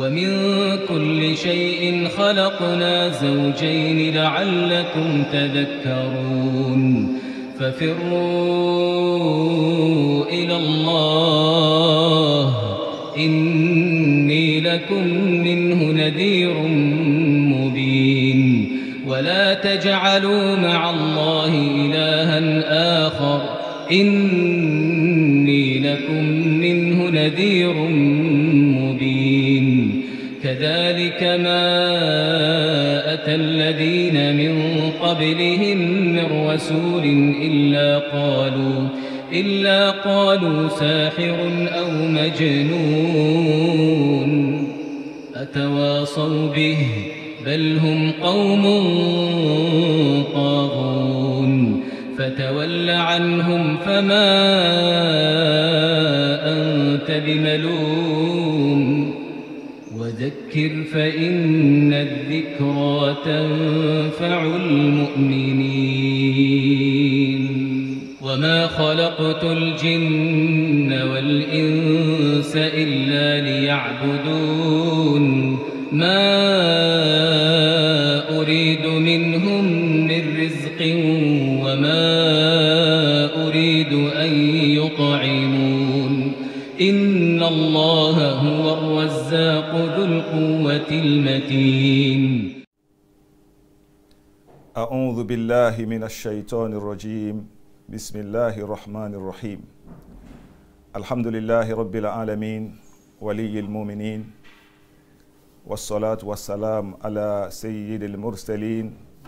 ومن كل شيء خلقنا زوجين لعلكم تذكرون ففروا إلى الله إني لكم منه نذير مبين ولا تجعلوا مع الله إلها آخر إني كذلك ما أتى الذين من قبلهم من رسول إلا قالوا إلا قالوا ساحر أو مجنون أتواصوا به بل هم قوم طاغون فتول عنهم فما أنت بملون فذكر فإن الذكرى تنفع المؤمنين وما خلقت الجن والإنس إلا ليعبدون ما أريد منهم من رزق وما أريد أن يطعمون إن الله الرزاق ذو القوة المتين أعوذ بالله من الشيطان الرجيم بسم الله الرحمن الرحيم الحمد لله رب العالمين ولي المؤمنين والصلاة والسلام على سيد المرسلين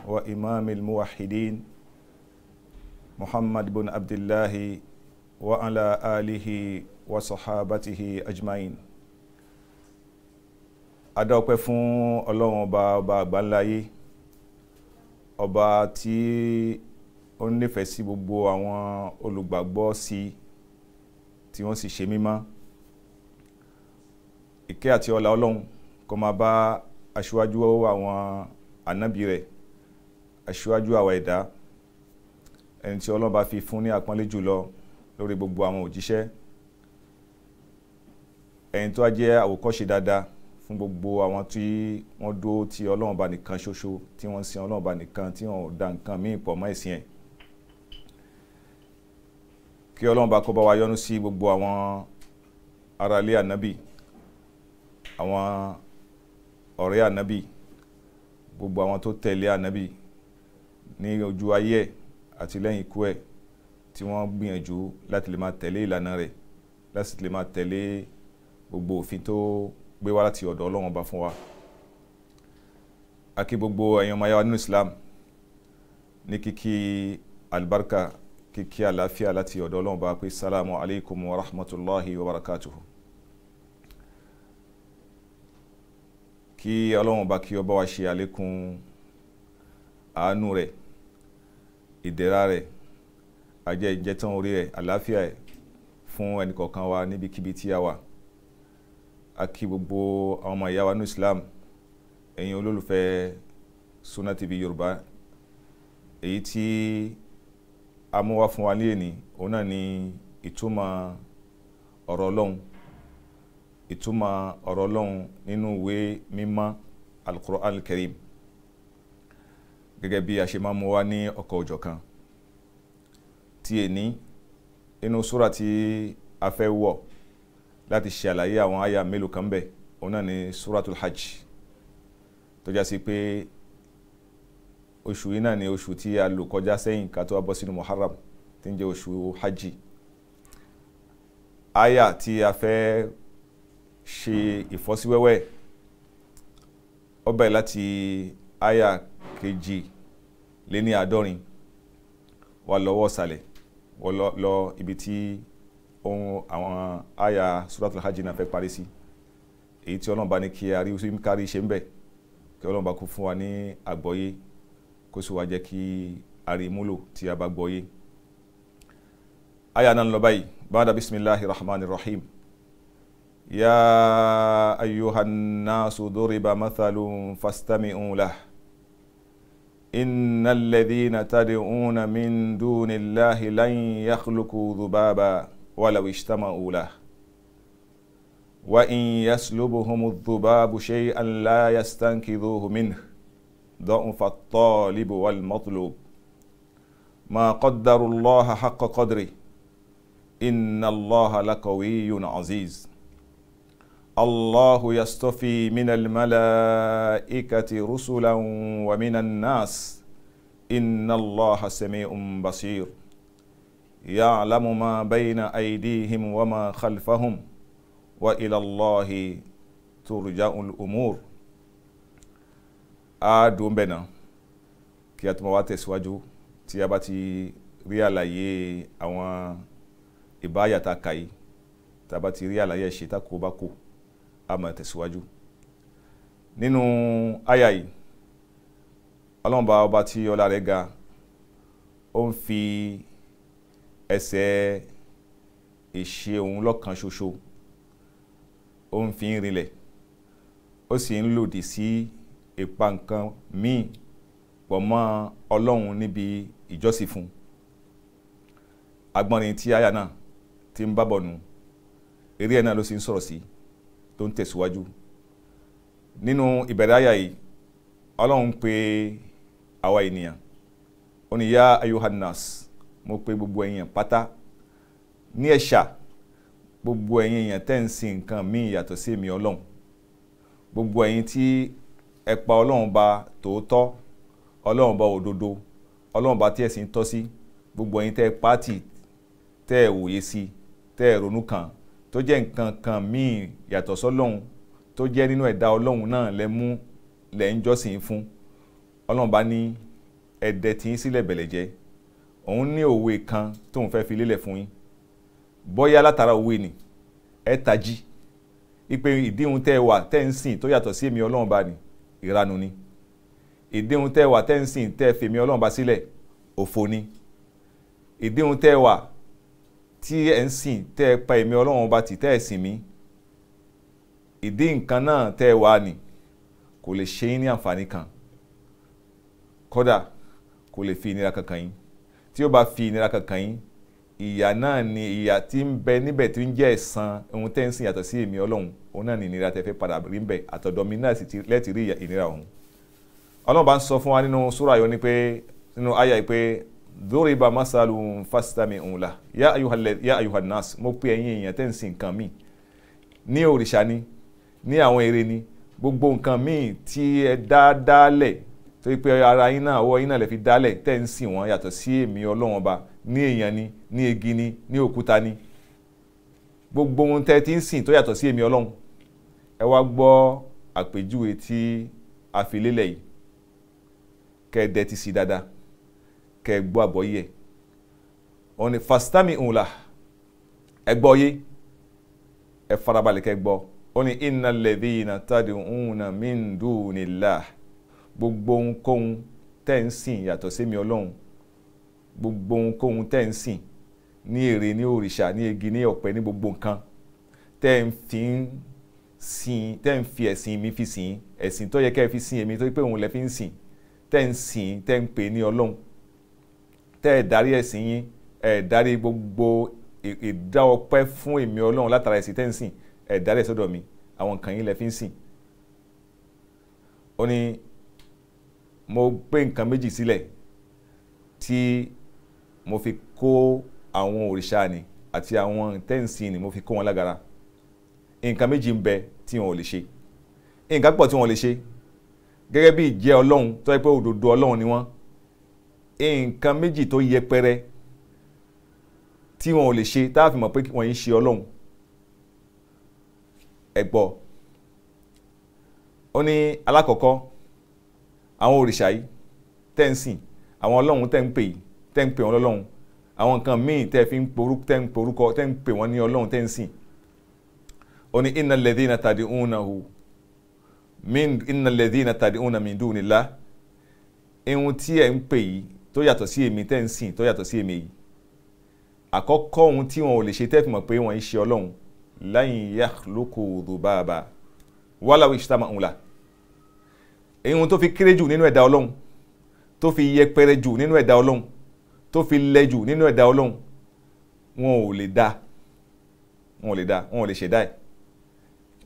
وإمام الموحدين محمد بن عبد الله وعلى آله وصحابته أجمعين adáwọ̀pẹ́ fún ọlọ́run ọba ọba àgbáńláyé ọba tí ó nífẹ̀ẹ́ sí gbogbo àwọn olùgbàgbọ́ sí tí wọ́n sì ṣe mímọ́ ìkẹ́ àti ọlá ọlọ́run kó máa bá aṣíwájú àwọn ànábì rẹ̀ aṣíwájú àwa ẹ̀dá ẹni tí ọlọ́run bá fi fún ní àpọ́nlé jùlọ lórí gbogbo àwọn òjíṣẹ́ ẹni tó á jẹ́ àwòkọ́ṣe dáadáa fún gbogbo àwọn tí wọ́n dúró ti ọlọ́run bá nìkan ṣoṣo tí wọ́n ń sin ọlọ́run bá nìkan tí wọ́n ò da nǹkan míì pọ̀ mọ́ ẹ̀sìn ẹ̀ kí ọlọ́run bá kó bá wa yọ́nú sí gbogbo àwọn aráalé ànábì àwọn ọ̀rẹ́ ànábì gbogbo àwọn tó tẹ̀lé ànábì ní ojú ayé ẹ̀ àti lẹ́yìn ikú ẹ̀ tí wọ́n gbìyànjú láti lè máa tẹ̀lé ìlànà rẹ̀ láti lè máa tẹ̀lé gbogbo òfin tó gbé wá láti ọ̀dọ̀ ọlọ́run ọba fún wa a kí gbogbo ẹ̀yin ọmọ ayáwa nínú islam ní kíkí alibarika kíkí àlàáfíà láti ọ̀dọ̀ ọlọ́run ọba pé salamu alaykum wa rahmatulahi wa barakatuhu kí ọlọ́run ọba kí ó bá wa ṣe àlékún àánú rẹ̀ ìdẹ̀ra rẹ̀ ajẹ́ ìjẹ́tàn orí rẹ̀ àlàáfíà rẹ̀ fún ẹnìkọ̀ọ̀kan wa níbikíbi tí a wà a kí gbogbo àwọn ọmọ ìyá wa ní Islam ẹ̀yin olólùfẹ́ Sunna TV Yorùbá èyí tí a mú wá fún wa ní èní òun náà ni ìtumọ̀ ọ̀rọ̀ Ọlọ́run ìtumọ̀ ọ̀rọ̀ Ọlọ́run nínú ìwé mímọ́ Al-Qur'an gẹ́gẹ́ bí a ṣe máa mú wá ní ọ̀kọ̀ òjọ̀ kan tí èní nínú súrà tí a fẹ́ wọ̀ láti ṣe àlàyé àwọn àyà mélòó kan bẹ̀ òun náà ni suratul hajj tó já sí pé oṣù yìí náà ni oṣù tí a lò kọjá sẹ́yìn ká tó wá bọ́ sínú muharram tí ń jẹ́ oṣù hajj àyà tí a fẹ́ ṣe ìfọ́síwẹ́wẹ́ ó láti àyà kejì lé ní àádọ́rin wà lọ́wọ́ sàlẹ̀ wọ́n lọ ibi tí ohun àwọn àyà suratul hajj náà fẹ́ parí sí èyí tí ọlọ́run bá ní kí a rí kárí ṣe ń bẹ̀ kí ọlọ́run bá kó fún wa ní àgbọ́yé kó sì wá jẹ́ kí a rí múlò tí a bá gbọ́yé. àyà náà ń lọ báyìí bàdà bisimilahi rahman rahim ya ayyuhan nasu duriba mathalun fastami'u lah innal ladhina tad'una min dunillahi lan yakhluqu dhubaba. ولو اجتمعوا له وإن يسلبهم الذباب شيئا لا يستنكذوه منه ضعف الطالب والمطلوب ما قدروا الله حق قدره إن الله لقوي عزيز الله يستفي من الملائكة رسلا ومن الناس إن الله سميع بصير يعلم ما بين أيديهم وما خلفهم وإلى الله ترجع الأمور àádùn bẹ̀ náà kí a tó máa wá tẹ̀síwájú tí a bá ti rí àlàyé àwọn ìbáyàtà kàyí tá a bá ti rí àlàyé ẹ̀ṣẹ̀ tako bá kù a máa tẹ̀síwájú nínú àyà yìí ọlọ́run bá ọba tí ọlá rẹ̀ ga ó ń fi ẹsẹ̀ ìṣe òun lọ́kan ṣoṣo ó ń fi ń rinlẹ̀ ó sì ń lòdì sí ipa nǹkan míì pọ̀ mọ́ ọlọ́run níbi ìjọ́sìn fún agbọ́nrin tí aya náà ti ń bábọ̀ nù eré ẹ̀ náà ló sì ń sọ̀rọ̀ sí tó ń tẹ̀síwájú nínú ìbẹ̀rẹ̀ aya yìí ọlọ́run pè àwa ènìyàn ó ní mo pe gbogbo èèyàn pátá ní ẹ̀ṣà gbogbo ẹ̀yin èèyàn tẹ́ ń sin nǹkan míì yàtọ̀ sí èmi ọlọ́run gbogbo ẹ̀yin tí ẹ pa ọlọ́run ba tòótọ́ ọlọ́run ba òdodo ọlọ́run ba tí ẹ̀sìn tọ́ sí gbogbo ẹ̀yin tẹ́ pátì tẹ́ ẹ wòye sí tẹ́ ẹ ronú kàn tó jẹ́ nǹkan kan míì yàtọ̀ sọ́lọ́run tó jẹ́ nínú ẹ̀dá ọlọ́run náà lẹ mú lẹ ń jọ́sìn fún ọlọ́run bá ní ẹ̀dẹ̀ tí ń sílẹ̀ bẹ̀lẹ̀ jẹ́ òun ní òwe kan tóun fẹ́ fi lélẹ̀ fún yín bóyá látara òwe ni ẹ tají ipe ìdíhun tẹ́ ẹ wà tẹ́ ń sìn tó yàtọ̀ sí èmi ọlọ́run bá ní ìranu ni ìdíhun tẹ́ ẹ wà tẹ́ ń sìn tẹ́ fèmi ọlọ́run bá sílẹ̀ òfo ni ìdíhun tẹ́ ẹ wà tí ẹ ń sìn tẹ́ ẹ pa èmi ọlọ́run bá tì tẹ́ ẹ sìn mí ìdí nǹkan náà tẹ́ ẹ wà ní kò lè ṣe yín ní àǹfààní kan kódà kò lè fi ìnira kankan yín tí ó bá fi ìnira kankan yín ìyà náà ni ìyà tí ń bẹ níbẹ̀ tí ń jẹ́ ẹ̀san ohun tẹ́ ń sìn yàtọ̀ sí èmi ọlọ́run òun náà ni ìnira tẹ́ fẹ́ padà rí bẹ̀ àtọ̀dọ̀ mi náà sì ti lẹ́tì rí ìnira ọ̀hún. ọlọ́run bá ń sọ fún wa nínú súra yọ ni pé nínú àyà yìí pé duriba masalun fastami'u lah ya ayuhal ya ayuhan nas mo pe ẹ̀yin èèyàn tẹ́ ń sìn nǹkan míì ní òrìṣà ni ní àwọn ère ni gbogbo nǹkan míì tí ẹ dáadáa lẹ̀ torí pé ara yín náà ọwọ́ yín náà lè fi dálẹ̀ tẹ́ ń sìn wọ́n yàtọ̀ sí èmi ọlọ́run ọba ní èèyàn ni ní igi ni ní òkúta ni gbogbo ohun tẹ́ ti ń sìn tó yàtọ̀ sí èmi ọlọ́run ẹ wá gbọ́ àpèjúwe tí a fi lélẹ̀ yìí kẹ́ ẹ dẹ́ ti sí dáadáa kẹ́ ẹ gbọ́ àbọ̀yé ẹ̀ òun ni fastami ńlá ẹ gbọ́ yé ẹ farabalẹ̀ kẹ́ ẹ gbọ́ òun ni innal ladhina tad'una min dunillah gbogbo ohunkóhun tẹ́ ń sìn yàtọ̀ sémi ọlọ́run gbogbo ohunkóhun tẹ́ ń sìn ní ère ní òrìṣà ní igi ní ọ̀pẹ ní gbogbo nǹkan tẹ́ ń fi ń sìn tẹ́ ń fi ẹ̀sìn mi fi sìn ẹ̀sìn tó yẹ kẹ́ ẹ fi sìn èmi tó pé òun lẹ fi ń sìn tẹ́ ń sìn tẹ́ ń pè ní ọlọ́run tẹ́ ẹ̀ darí ẹ̀sìn yín ẹ̀ darí gbogbo ìdá ọpẹ́ fún èmi ọlọ́run látara ẹ̀sìn tẹ́ ń sìn ẹ̀ darí ẹ̀ sọ́dọ̀ mi àwọn nǹkan yín lẹ fi ń sìn ó ní mo gbé nǹkan méjì sílẹ̀ tí mo fi kó àwọn òrìṣà ni àti àwọn tẹ́ǹsì ni mo fi kó wọn lágara nǹkan méjì ń bẹ tí wọn ò lè ṣe nǹkan pọ̀ tí wọn ò lè ṣe gẹ́gẹ́ bí ìjẹ́ ọlọ́run tó yẹ pé òdodo ọlọ́run ni wọ́n nǹkan méjì tó yẹpẹrẹ tí wọn ò lè ṣe tá a fi mọ̀ pé wọ́n yìí ṣe ọlọ́run ẹ̀gbọ́ ó ní alákọ̀ọ́kọ́ àwọn òrìṣà yìí tẹ́ ń sìn àwọn ọlọ́run tẹ́ ń pè yìí tẹ́ ń pè wọn lọ́lọ́run àwọn nǹkan míì tẹ́ fi ń porúkọ tẹ́ ń porúkọ tẹ́ ń pè wọn ní ọlọ́run tẹ́ ń sìn ó ní iná lẹ́dí iná tàdí òun náà hù iná lẹ́dí iná tàdí òun náà mi dùn nílá ihun tí ẹ̀ ń pè yìí tó yàtọ̀ sí èmi tẹ́ ń sìn tó yàtọ̀ sí èmi yìí àkọ́kọ́ ohun tí wọn ò lè ṣe tẹ́ fi mọ̀ pé wọ́n ń ṣe ọlọ́run láyìn yàlókò òdòbáàbà wàhálà wíṣítàmà ńlá ohun tó fi kéré jù nínú ẹ̀dá ọlọ́run tó fi yẹpẹrẹ jù nínú ẹ̀dá ọlọ́run tó fi lẹ jù nínú ẹ̀dá ọlọ́run wọn ò lè dá wọn ò lè dá wọn ò lè ṣẹ̀dá ẹ̀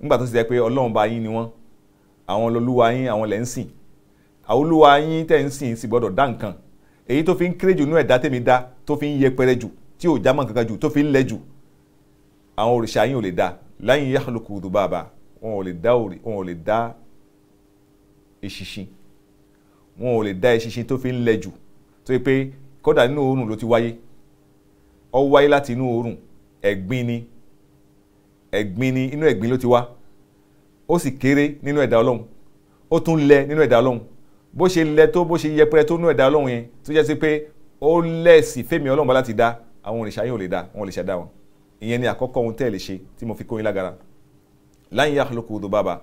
nígbà tó ti jẹ́ pé ọlọ́run bá yín ni wọ́n àwọn olúwa yín àwọn lẹ́ ń sìn àwọn olúwa yín tẹ̀ ń sìn sì gbọ́dọ̀ dá nǹkan èyí tó fi ń kéré jù nínú ẹ̀dá tèmi dá tó fi ń yẹpẹrẹ jù tí ò jámọ́ kankan jù tó fi ń lẹ jù àwọn òrìṣà yín ò lè dá láyìn yakhluqu dhubaba wọn ò lè dá eṣinṣin wọn ò lè dá eṣinṣin tó fi ń lẹ jù tó yẹ pé kódà nínú oòrùn ló ti wáyé ó wáyé láti inú oòrùn ẹ̀gbin ni ẹ̀gbin ni inú ẹ̀gbin ló ti wá ó sì kéré nínú ẹ̀dá ọlọ́run ó tún lẹ nínú ẹ̀dá ọlọ́run bó ṣe lẹ tó bó ṣe yẹpẹrẹ tó nínú ẹ̀dá ọlọ́run yẹn tó jẹ́ sí pé ó lẹ́ẹ̀sì fẹ́mi ọlọ́run bá láti dá àwọn òrìṣà yìí ò lè dá wọn ò lè ṣẹ̀dá wọn ìyẹn ni àkọ́kọ́ ohun tẹ́ ẹ̀ lè ṣe tí mo fi kó yín lágara láyìn yàtọ̀ lóko odò bàbá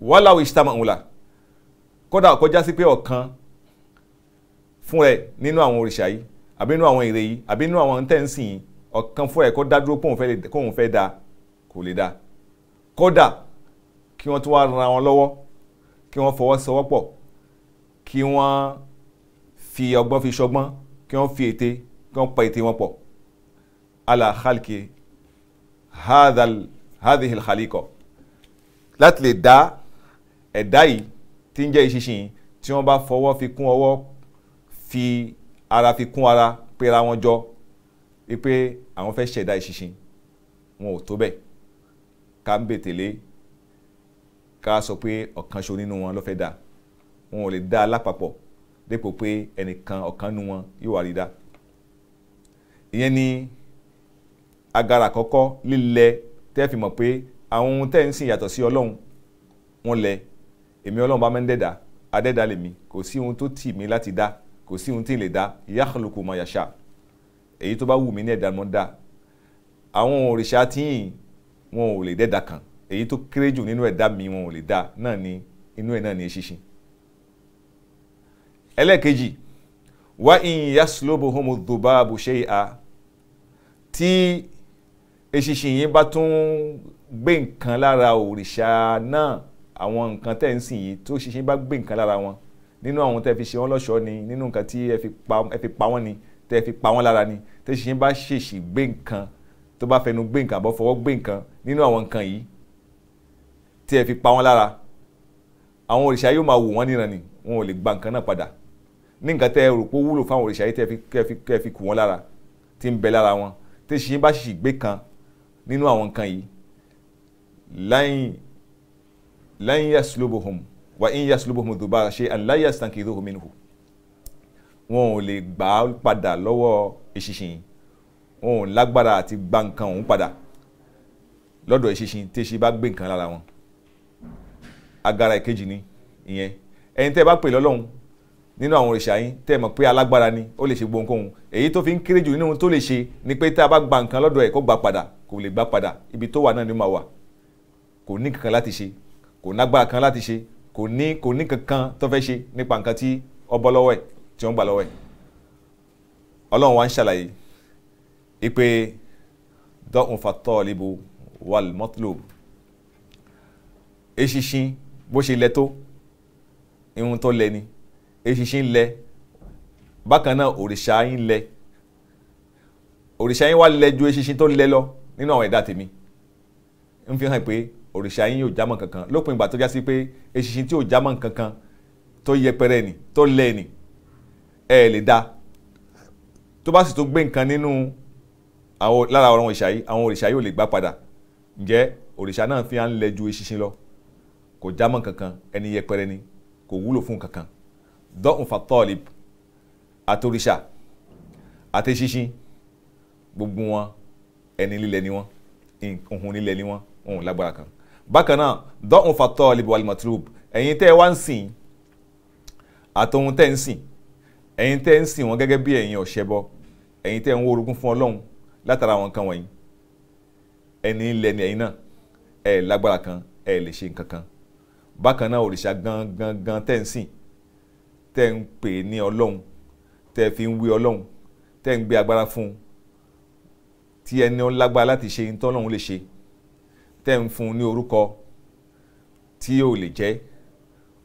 wàhálà òyìnbó ìṣítàmọ̀ òun là kódà kọjá sí pé ọ̀kan fún ẹ nínú àwọn òrìṣà yìí àbí nínú àwọn ère yìí àbí nínú àwọn tẹ́ǹsì yìí ọ̀kan fún ẹ kó dá dúró kóun fẹ́ da kò lè da kódà kí wọ́n tún wá ran wọn lọ́wọ́ kí wọ́n fọwọ́sowọ́pọ̀ kí wọ́n fi ọgbọ́n fi ṣọgbọ́n kí wọ́n fi ète kí wọ́n pa ète wọn pọ̀ ala hadhihil khaliko láti lè dá ẹ̀dá yìí tí ń jẹ́ ìṣinṣin tí wọ́n bá fọwọ́ fi kún ọwọ́ fi ara fi kún ara pera wọn jọ wípé àwọn fẹ́ ṣẹ̀dá ìṣinṣin wọn ò tó bẹ́ẹ̀ ká ń bètèlé ká sọ pé ọ̀kan ṣo nínú wọn ló fẹ́ dá wọn ò lè dá lápapọ̀ dépò pé ẹnìkan ọ̀kan nínú wọn yóò wá rí dá ìyẹn ni agara àkọ́kọ́ lílẹ̀ tẹ́ fi mọ̀ pé àwọn ohun tẹ́ ń sìn yàtọ̀ sí ọlọ́run wọn lẹ̀ èmi ọlọ́run bá máa ń dẹ̀dá adẹ́dá lèmi kò sí ohun tó tì mí láti dá kò sí ohun tí ì lè dá yakhluqu ma yasha èyí tó bá wù mí ní ẹ̀dá mọ́ dá àwọn òrìṣà tíyìn wọn ò lè dẹ́dá kan èyí tó kéré jù nínú ẹ̀dá mi wọn ò lè dá náà ni inú ẹ̀ náà ni eṣinṣin ẹlẹ́ẹ̀kejì wá in yaslubuhumu dhubabu shay'a tí eṣinṣin yìí bá tún gbé nǹkan lára òrìṣà náà àwọn nǹkan tẹ̀ ń sìn yìí tó ṣinṣin bá gbé nǹkan lára wọn nínú àwọn tẹ́ fi ṣe wọ́n lọ́ṣọ̀ọ́ ni nínú nǹkan tí ẹ fi pa wọ́n ni tẹ́ fi pa wọ́n lára ni tẹ́ ṣinṣin bá ṣèṣì gbé nǹkan tó bá fẹnu gbé nǹkan àbọ̀ fọwọ́ gbé nǹkan nínú àwọn nǹkan yìí tí ẹ fi pa wọ́n lára àwọn òrìṣà yóò máa wò wọ́n níran ni wọn ò lè gba nǹkan náà padà ní nǹkan tẹ́ rò pé ó wúlò fáwọn òrìṣà yìí tẹ́ ẹ fi kù wọ́n lára tí ń bẹ lan yaslubuhum wa in yaslubuhum dhubara shay'an la yastanqidhuhu minhu wọn ò lè gbà á padà lọ́wọ́ eṣinṣin wọn ò lágbára àti gba nǹkan òun padà lọ́dọ̀ eṣinṣin tí eṣin bá gbé nǹkan lára wọn agara ìkejì ni ìyẹn ẹni tẹ́ ẹ bá pè lọ́lọ́run nínú àwọn òrìṣà yín tẹ́ ẹ mọ̀ pé alágbára ni ó lè ṣe gbogbo nǹkan èyí tó fi ń kéré jù nínú tó lè ṣe ni pé tá a bá gba nǹkan lọ́dọ̀ ẹ̀ kó gbà padà kò lè gbà padà ibi tó wà náà ni ó máa wà kò ní kankan láti ṣe kò nágbára kan láti ṣe kò ní kò ní kankan tó fẹ́ ṣe nípa nǹkan tí ó bọ́ lọ́wọ́ ẹ̀ tí wọ́n gbà lọ́wọ́ ẹ̀ ọlọ́run wa ń ṣàlàyé ipe dọ́hùn fatọ́ọ̀lìbù wàlmọ́tòlòbù eṣinṣin bó ṣe lẹ tó irun tó lẹ ni eṣinṣin lẹ bákan náà òrìṣà yín lẹ òrìṣà yín wá lẹ ju eṣinṣin tó lẹ lọ nínú àwọn ẹ̀dá tèmi ń fi hàn pé òrìṣà yín yóò jámọ́ kankan lópin ìgbà tó já sí pé eṣinṣin tí yóò jámọ́ kankan tó yẹpẹrẹ ni tó lẹ ni ẹ lè da tó bá sì tó gbé nǹkan nínú àwọn lára àwọn òrìṣà yìí àwọn òrìṣà yìí lè gbà padà ǹjẹ́ òrìṣà náà fi hàn lẹ ju eṣinṣin lọ kò jámọ́ kankan ẹni yẹpẹrẹ ni kò wúlò fún kankan dọ́hùn fatọ́ọ̀lìb àtòrìṣà àti gbogbo wọn ẹni lílẹ ni wọn ohun lílẹ ni wọn ohun lágbára kan bákan náà dọ́hùn fatọ́ libu alimatrub ẹ̀yin tẹ́ ẹ wá ń sìn àtọ̀hún tẹ́ ń sìn ẹ̀yin tẹ́ ń sìn wọn gẹ́gẹ́ bí ẹ̀yin ọ̀ṣẹbọ ẹ̀yin tẹ́ ń wó orogún fún ọlọ́run látara àwọn nǹkan wọ̀nyí ẹni ilẹ̀ ni ẹ̀yin náà ẹ̀ lágbára kan ẹ̀ lè ṣe nǹkan kan bákan náà òrìṣà gan gan gan tẹ́ ń sìn tẹ́ ń pè ní ọlọ́run tẹ́ fi ń wí ọlọ́run tẹ́ ń gbé agbára fún un tí ẹni ó lágbára láti ṣe ní tọ́lọ́run lè ṣe tẹ́ ń fún ní orúkọ tí yóò lè jẹ́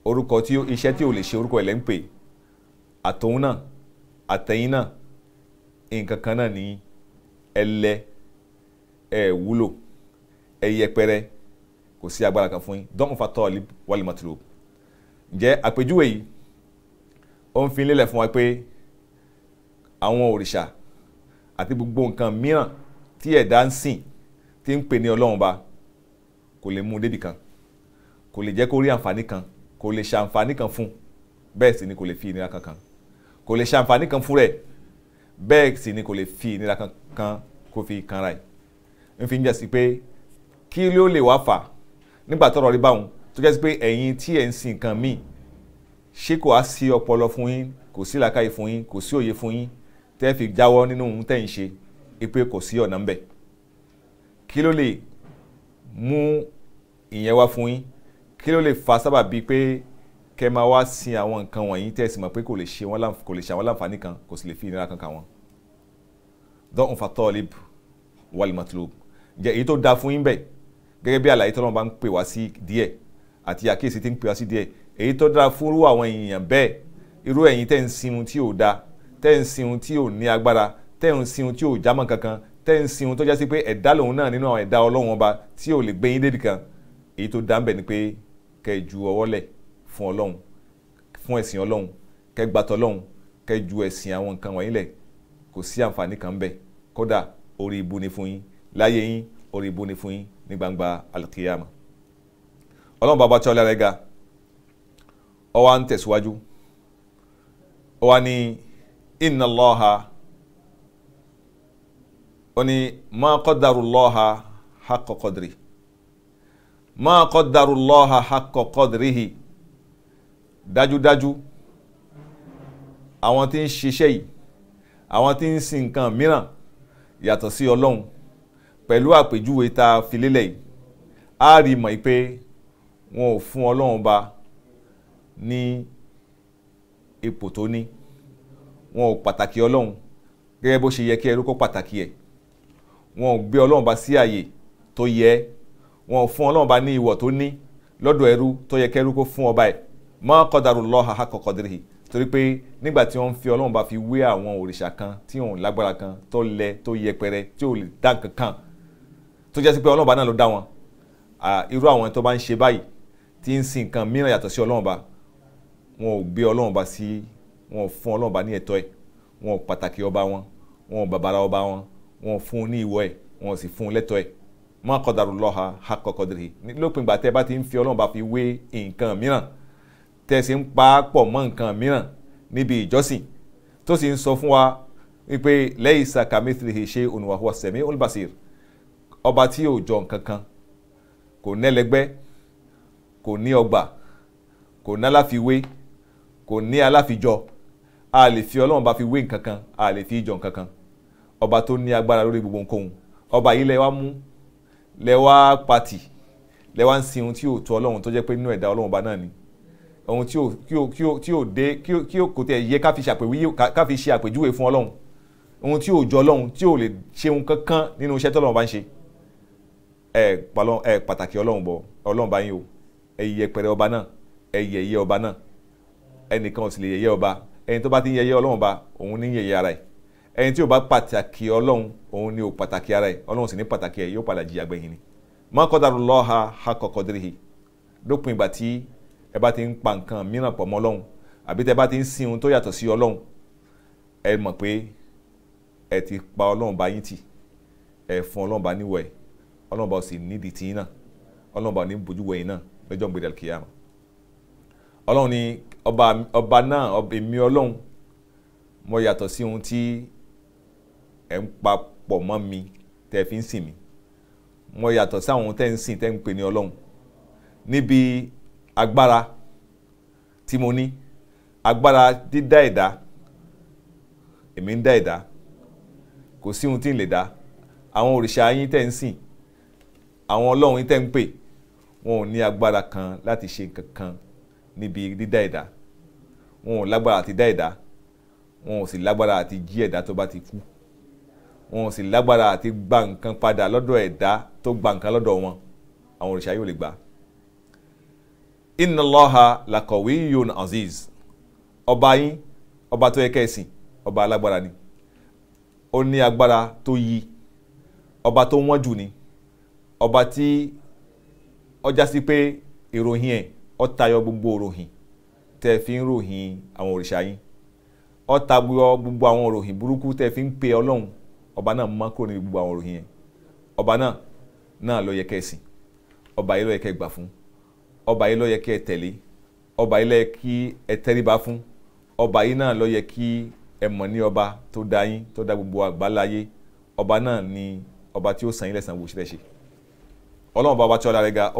orúkọ tí iṣẹ́ tí yóò lè ṣe orúkọ ẹ̀ lẹ́ ń pè àtòun náà àtẹ̀yìn náà nǹkan kan náà ní ẹlẹ́ ẹ̀ wúlò ẹ̀ yẹpẹrẹ kò sí agbára kan fún yín dọ́kun fa wálé mọ́tòló ǹjẹ́ àpèjúwe yìí ó ń fi lélẹ̀ fún wa pé àwọn òrìṣà àti gbogbo nǹkan mìíràn tí ẹ̀dá ń sìn tí ń pè ní ọlọ́run ba kò lè mú un débì kan kò lè jẹ́ kó rí àǹfààní kan kò lè ṣe àǹfààní kan fún bẹ́ẹ̀ sì ni kò lè fi ìnira kankan kò lè ṣe àǹfààní kan fún rẹ̀ bẹ́ẹ̀ sì ni kò lè fi ìnira kankan kó fi kanra ẹ̀ ń fi ń jẹ́ sí pé kí ló lè wá fà nígbà tọ́rọ̀ rí báwọn tó jẹ́ sí pé ẹ̀yin tí ẹ̀ ń sin nǹkan míì ṣé kò á sí ọpọlọ fún yín kò sí làákàyè fún yín kò sí òye fún yín tẹ́ fi jáwọ́ nínú ohun tẹ́ ń ṣe pé kò sí ọ̀nà ń kí ló lè mú ìyẹn wá fún yín kí ló lè fa sábàbí pé kẹ́ máa wá sin àwọn nǹkan wọ̀nyí tẹ̀sí mọ̀ pé kò lè ṣe àwọn láǹfààní kan kò sì lè fi ìnira kan kà wọ́n. dọ́hùn fatọ́ọ̀lì wàlìmọ̀tìlò jẹ́ èyí tó dáa fún yín bẹ̀ gẹ́gẹ́ bí àlàyé tọ́lọ́mọba ń pè wá sí díẹ̀ àti àkíyèsí tí ń pè wá sí díẹ̀ èyí tó dáa fún irú àwọn èèyàn bẹ́ẹ̀ irú ẹ̀yin tẹ́ ń sinun tí ò dáa tẹ́ ń sinun tí ò ní agbára tẹ́ ń sinun tí ò jámọ́ kankan tẹ́ ń sinun tó jásí pé ẹ̀dá lòun náà nínú àwọn ẹ̀dá ọlọ́run ọba tí ò lè gbé yín èyí tó dá ń bẹ̀ ni pé kẹ́ ẹ ju ọwọ́ lẹ̀ fún ọlọ́run fún ẹ̀sìn ọlọ́run kẹ́ ẹ gbàtọ́ ọlọ́run kẹ́ ẹ ju ẹ̀sìn àwọn nǹkan wọ̀nyí lẹ̀ kò sí àǹfààní kan bẹ̀ kódà orí ibu ni fún yín láyé yín orí ibu ni fún yín ní gbangba alikiyama ọlọ́run bàbá tí ọlọ́run rẹ̀ ga ó wá ń tẹ̀síwájú ó wá ní inna Allaha ó ní ma qadarullaha haqqa qadri ma qaddarullaha haqqa qadrihi dájúdájú àwọn tí ń ṣiṣẹ́ yìí àwọn tí ń sin nǹkan mìíràn yàtọ̀ sí ọlọ́run pẹ̀lú àpèjúwe tá a fi lélẹ̀ yìí a rí mọ̀ pé wọn ò fún ọlọ́run ba ní ipò tó ní wọn ò pàtàkì ọlọ́run gẹ́gẹ́ bó ṣe yẹ kí ẹrú kó pàtàkì ẹ̀ wọn ò gbé ọlọ́run ba sí àyè tó yẹ ẹ́ wọn ò fún ọlọ́run bá ní ìwọ̀ tó ní lọ́dọ̀ ẹrú tó yẹ kẹrú kó fún ọba ẹ̀ mọ́ kọ́darù lọ́ha akọ̀kọ̀dìrì torí pé nígbà tí wọ́n ń fi ọlọ́run bá fi wé àwọn òrìṣà kan tí òun lágbára kan tó lẹ tó yẹpẹrẹ tí ò lè dá kankan tó jẹ́ sí pé ọlọ́run bá náà ló dá wọn irú àwọn tó bá ń ṣe báyìí tí ń sin nǹkan mìíràn yàtọ̀ sí ọlọ́run wọn ò gbé ọlọ́run sí wọn ò fún ọlọ́run ní ẹ̀tọ́ ẹ̀ wọn ò pàtàkì ọba wọn wọn ò bàbàrà ọba wọn wọn ò fún un ní ìwọ ẹ̀ wọn ò sì fún un lẹ́tọ̀ọ́ ẹ̀ mọ́ kọ́dàrú lọ́ha ha kọ́kọ́dìrì lópin ìgbà tẹ́ bá ti ń fi ọlọ́run bá fi wé nǹkan mìíràn tẹ́ ń pa á pọ̀ mọ́ nǹkan mìíràn níbi ìjọsìn tó sì ń sọ fún wa wípé laysa kamithlihi shay'un wa huwa sami'ul basir ọba tí yóò jọ nǹkan kan kò nẹ́lẹ́gbẹ́ kò ní ọgbà kò ní aláfiwé kò ní aláfijọ a lè fi ọlọ́run bá fi wé nǹkan kan a lè fi jọ nǹkan kan ọba tó ní agbára lórí gbogbo nǹkan ọba yìí lẹ wá mú lẹ́wà pati lẹ́wà ń sin ohun tí yóò tó ọlọ́run tó jẹ́ pé nínú ẹ̀dá ọlọ́run ọba náà ni ohun tí yóò kí yóò kí yóò dé kí yóò kò tẹ̀ yẹ ká fi ṣàpèwí ká fi ṣe àpèjúwe fún ọlọ́run ohun tí yóò jọ ọlọ́run tí yóò lè ṣe ohun kankan nínú iṣẹ́ tọ́lọ́run bá ń ṣe ẹ pàtàkì ọlọ́run bọ̀ ọlọ́run bá yín o ẹ yẹpẹrẹ ọba náà ẹ yẹ̀yẹ́ ọba náà ẹnìkan ò sì lè yẹ̀yẹ́ ọba ẹni tó bá ti ń yẹ̀yẹ́ ọlọ́run ọba òun ní yẹ̀yẹ́ ara ẹ̀ ẹni tí o bá pàtàkì ọlọ́run òun ni o pàtàkì ara ẹ ọlọ́run sì ní pàtàkì ẹ yóò padà jìyà gbẹ̀yìn ni má ha lọ́ha hakọ̀kọ́dìrìhì lópin ìgbà tí ẹ bá ti ń pa nǹkan mìíràn pọ̀ mọ́ ọlọ́run àbí tẹ bá ti ń sin ohun tó yàtọ̀ sí ọlọ́run ẹ mọ̀ pé ẹ ti pa ọlọ́run bá bá níwọ̀ ẹ ọlọ́run bá sì bá ní bójú náà lọ́jọ́ kìyàmù ọlọ́run ẹ̀ ń papọ̀ mọ́ mi tẹ́ ẹ fi ń sìn mí mo yàtọ̀ sí àwọn tẹ́ ń sìn tẹ́ ń pè ní ọlọ́run níbi agbára tí mo ní agbára dídá ẹ̀dá èmi ń dá ẹ̀dá kò sí ohun tí ń lè dá àwọn òrìṣà yín tẹ́ ń sìn àwọn ọlọ́run yín tẹ́ ń pè wọn ò ní agbára kan láti ṣe nǹkan níbi dídá ẹ̀dá wọn ò lágbára àti dá ẹ̀dá wọn ò sì lágbára àti jí ẹ̀dá tó bá ti kú wọn ò sì lágbára àti gba nǹkan padà lọ́dọ̀ ẹ̀dá tó gba nǹkan lọ́dọ̀ wọn àwọn òrìṣà yóò lè gbà. innallaha laqawiyyun aziz ọba yín ọba tó yẹ kẹ́sìn ọba alágbára ni ó ní agbára tó yí ọba tó wọ́n jù ni ọba tí ọjà sí pé ìròyìn ẹ̀ ó tayọ gbogbo ìròyìn tẹ́ fi ń ròyìn àwọn òrìṣà yín ó tayọ gbogbo àwọn ìròyìn burúkú tẹ́ fi ń pe ọlọ́run ọba náà mma kúrò gbogbo àwọn òròyìn yẹn ọba náà náà ló yẹ ọba yìí ló yẹ kẹ́ gbà fún ọba yìí ló yẹ ọba yìí ló yẹ kí ọba yìí náà ló yẹ kí ẹ ọba tó dá yín tó gbogbo àgbáláyé ọba náà ni ọba tí ó san yín ṣe ọlọ́run bá wa tí ga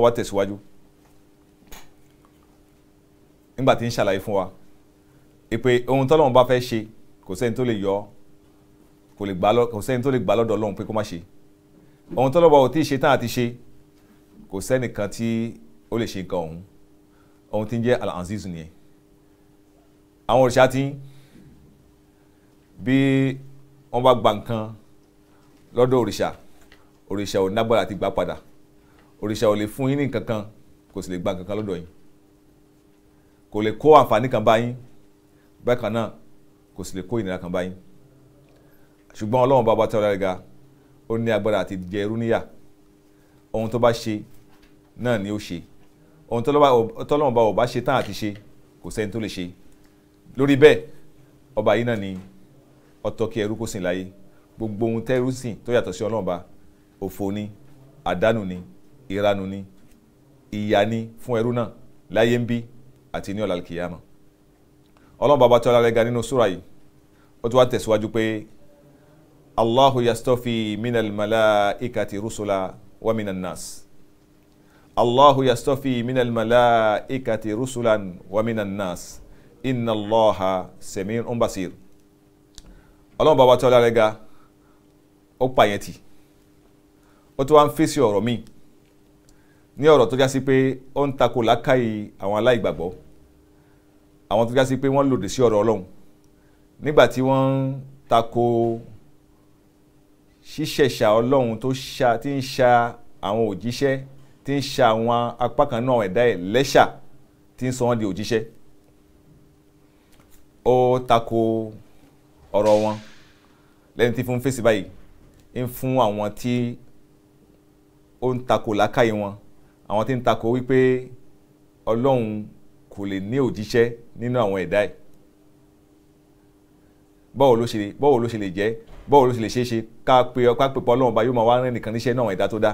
fún wa ìpè ohun tọ́lọ́run bá fẹ́ ṣe kò sẹ́ni tó lè kò lè gbà lọ kò sẹ́ni tó lè gbà lọ́dọ̀ ọlọ́run pé kó má ṣe ohun tó lọ́wọ́ tí ì ṣe tán àti ṣe kò sẹ́nìkan tí ó lè ṣe nǹkan ọ̀hún ohun tí ń jẹ́ al-aziz nìyẹn àwọn òrìṣà tí bí wọ́n bá gba nǹkan lọ́dọ̀ òrìṣà òrìṣà ò nágbára àti gbà padà òrìṣà ò lè fún yín ní nǹkan kan kò sì lè gba nǹkan kan lọ́dọ̀ yín kò lè kó àǹfààní kan bá yín bákan náà kò sì lè kó ìnira kan bá yín ṣùgbọ́n ọlọ́run bàbá tí ọlọ́run ga ó ní agbára àti jẹ ẹrú níyà ohun tó bá ṣe náà ni ó ṣe ohun tọ́lọ́run bá ò bá ṣe tán àti ṣe kò sẹ́ni tó lè ṣe lórí bẹ́ẹ̀ ọba yìí náà ni ọ̀tọ̀ kí ẹrú kó sìn láyé gbogbo ohun tẹ́rú sìn tó yàtọ̀ sí ọlọ́run bá òfò ni àdánù ni ìranù ni ìyà ni fún ẹrú náà láyé ń bí àti ní ọ̀làlùkìyàmọ̀ ọlọ́run bàbá tí ọlọ́run ga nínú súra yìí ó tún wá tẹ̀síwájú pé allahu yastofi minal malaikati rusula wa minan nas allahu yastofi minal malaikati rusulan wa minan nas inna allaha sami'un basir ọlọ́run bàbá tí ọlọ́run ga ó pààyàn tì ó tún wá ń fèsì ọ̀rọ̀ míì ní ọ̀rọ̀ tó jásí pé ó ń takò lákàyè àwọn aláìgbàgbọ́ àwọn tó jásí pé wọ́n lòdì sí ọ̀rọ̀ ọlọ́run nígbà tí wọ́n ń takò ṣíṣẹ̀ṣà ọlọ́run tó ṣà tí ń ṣà àwọn òjíṣẹ́ tí ń ṣà àwọn apá kan náà ẹ̀dá ẹ̀ lẹ́ṣà tí ń sọ wọ́n di òjíṣẹ́ ó tako ọ̀rọ̀ wọn lẹ́ni tí fún fèsì báyìí ń fún àwọn tí ó ń tako làákàyè wọn àwọn tí ń tako wípé ọlọ́run kò lè ní òjíṣẹ́ nínú àwọn ẹ̀dá ẹ̀ báwo ló ṣe lè jẹ́ bọ́ọ̀ ló ṣe lè ṣeé ṣe ká pe ọká pèpọ̀ ọlọ́run ọba yóò máa wá rìn nìkan níṣẹ́ náà ẹ̀dá tó dá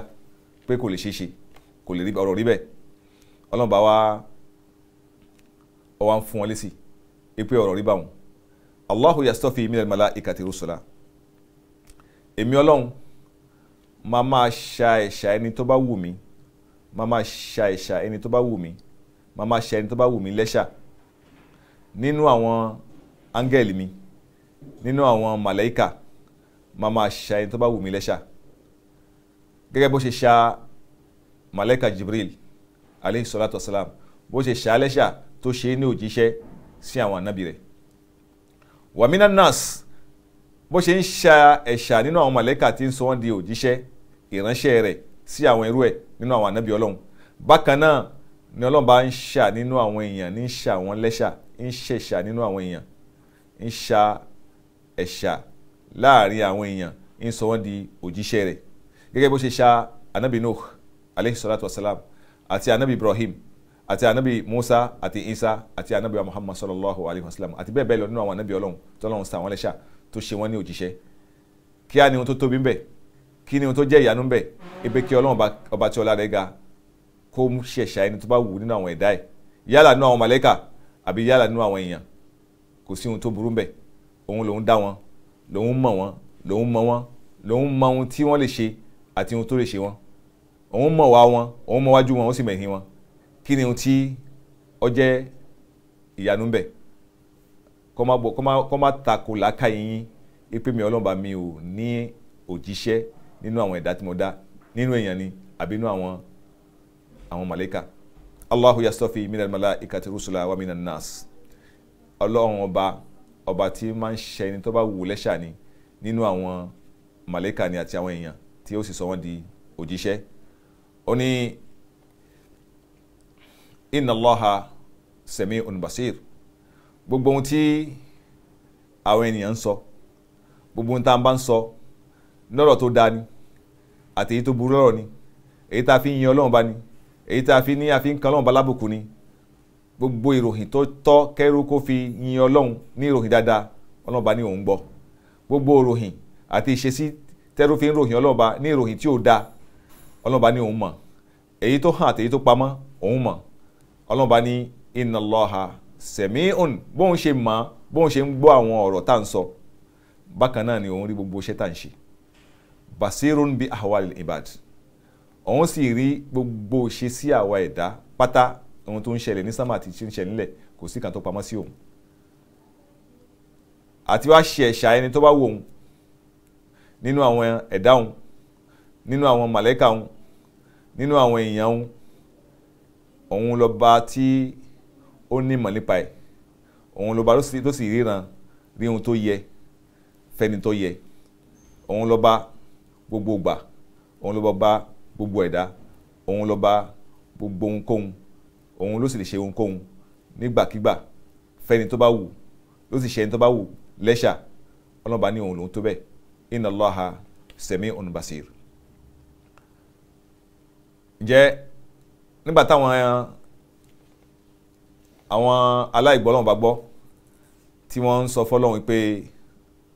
pé kò lè ṣeé ṣe kò lè rí ọ̀rọ̀ rí bẹ́ẹ̀ ọlọ́run ọba wa ọwá ń fún wọn lésì pé ọ̀rọ̀ rí báwọn Allahu yastafi minal malaikati rusula èmi ọlọ́run máa máa ṣa ẹ̀ṣà ẹni tó bá wù mí máa máa ṣa ẹ̀ṣà ẹni tó bá wù mí máa máa ṣa mi nínú àwọn màláíkà máa máa ṣa ẹni tó bá wù mí lẹ́ṣà gẹ́gẹ́ bó ṣe ṣa malaika Jibril aleyhi salatu wasalam bó ṣe ṣa lẹ́ṣà tó ṣe ní òjíṣẹ́ sí àwọn ànábì rẹ̀ wàmínà nas bó ṣe ń ṣa ẹ̀ṣà nínú àwọn malaika tí ń sọ wọ́n di òjíṣẹ́ ìránṣẹ́ rẹ̀ sí àwọn irú ẹ̀ nínú àwọn ànábì ọlọ́run bákan náà ni ọlọ́run bá ń ṣà nínú àwọn èèyàn ní ń ṣà wọ́n lẹ́ṣà ń ṣẹ̀ṣà nínú àwọn èèyàn ń ṣà ẹ̀ṣà láàrin àwọn èèyàn ń sọ wọ́n di òjíṣẹ́ rẹ̀ gẹ́gẹ́ bó ṣe ṣa anabi nuh alayhi salatu wasalam àti anabi ibrahim àti anabi musa àti isa àti anabi muhammad sallallahu alayhi wa sallam àti bẹ́ẹ̀ bẹ́ẹ̀ lọ nínú àwọn anabi ọlọ́run tọ́lọ́run sa àwọn lẹ́ṣà tó ṣe wọ́n ní òjíṣẹ́ kí á ní ohun tó tóbi ń bẹ kí ni ohun tó jẹ́ ìyanu ń bẹ ebe kí ọlọ́run ọba tí ọlá rẹ̀ ga kó ṣẹ̀ṣà ẹni tó bá wù nínú àwọn ẹ̀dá ẹ̀ yálà nínú àwọn màlẹ́kà àbí yálà nínú àwọn èèyàn kò sí ohun tó burú ń bẹ òun lòun dá wọn lòun mọ̀ wọ́n lòun mọ̀ wọ́n lòun mọ̀ ohun tí wọ́n lè ṣe àti ohun tó lè ṣe wọ́n òun mọ̀ wá wọn òun mọ̀ wájú wọn ó sì mẹ̀yìn wọn kí ni ohun tí ó jẹ́ ìyanu ń bẹ kọ́ má bọ̀ kọ́ má takò làákàyè yín ipe mi ọlọ́mọba mi ò ní òjíṣẹ́ nínú àwọn ẹ̀dá tí mo dá nínú èèyàn ni àbí nínú àwọn àwọn màlẹ́kà allahu yastafi minal malaikati rusula wa minan nas ọlọ́run ọba ọba tí máa ń ṣe ẹni tó bá wù lẹ́ṣà ni nínú àwọn màlẹ́kà ni àti àwọn èèyàn tí ó sì sọ wọ́n di òjíṣẹ́ ó ní inna Allaha sami'un basir gbogbo ohun tí àwọn ènìyàn ń sọ gbogbo ohun tá a bá ń sọ lọ́rọ̀ tó dáa ni àti èyí tó burú lọ́rọ̀ ni èyí tá a fi ń yin Ọlọ́run bá ni èyí tá a fi ní àfi ń kan Ọlọ́run bá lábùkù ni gbogbo ìròyìn tó tọ́ kẹ́rú kó fi yin ọlọ́run ní ìròyìn dáadáa ọlọ́run bá ní òun gbọ́ gbogbo ìròyìn àti ìṣesí tẹ́rú fi ń ròyìn ọlọ́run bá ní ìròyìn tí ò dáa ọlọ́run bá ní òun mọ̀ èyí tó hàn àtèyí tó pamọ́ òun mọ̀ ọlọ́run bá ní inna Allaha sami'un bóun ṣe mọ̀ bóun ṣe ń gbọ́ àwọn ọ̀rọ̀ tá à ń sọ bákan náà ni òun rí gbogbo iṣẹ́ tá à ń ṣe basirun bi ahwal ibad òun sì rí gbogbo ṣe sí ohun tó ń ṣẹlẹ̀ ní sámà àti ṣe ń ṣẹlẹ̀ nílẹ̀ kò sí kan tó pamọ́ sí òun àti wá ṣe ẹ̀ṣà ẹni tó bá wò òun nínú àwọn ẹ̀dá òun nínú àwọn màlẹ́kà òun nínú àwọn èèyàn òun òun lọ́ba tí ó ní mọ̀ nípa ẹ̀ òun lọ́ba tó sì ríran rí ohun tó yẹ fẹ́ni tó yẹ òun lọ́ba gbogbo gbà òun lọ́ba gbogbo ẹ̀dá òun lọ́ba gbogbo ohunkóhun òun ló sì lè ṣe ohunkóhun nígbàkigbà fẹ́ni tó bá wù ló sì ṣe ẹni tó bá wù lẹ́ṣà ọlọ́ba ní òun lòun tó bẹ́ẹ̀ inna Allaha sami'un basir. ǹjẹ́ nígbà táwọn àwọn aláìgbọ́lọ́wọ́n bá gbọ́ tí wọ́n ń sọ fọ́lọ́hún pé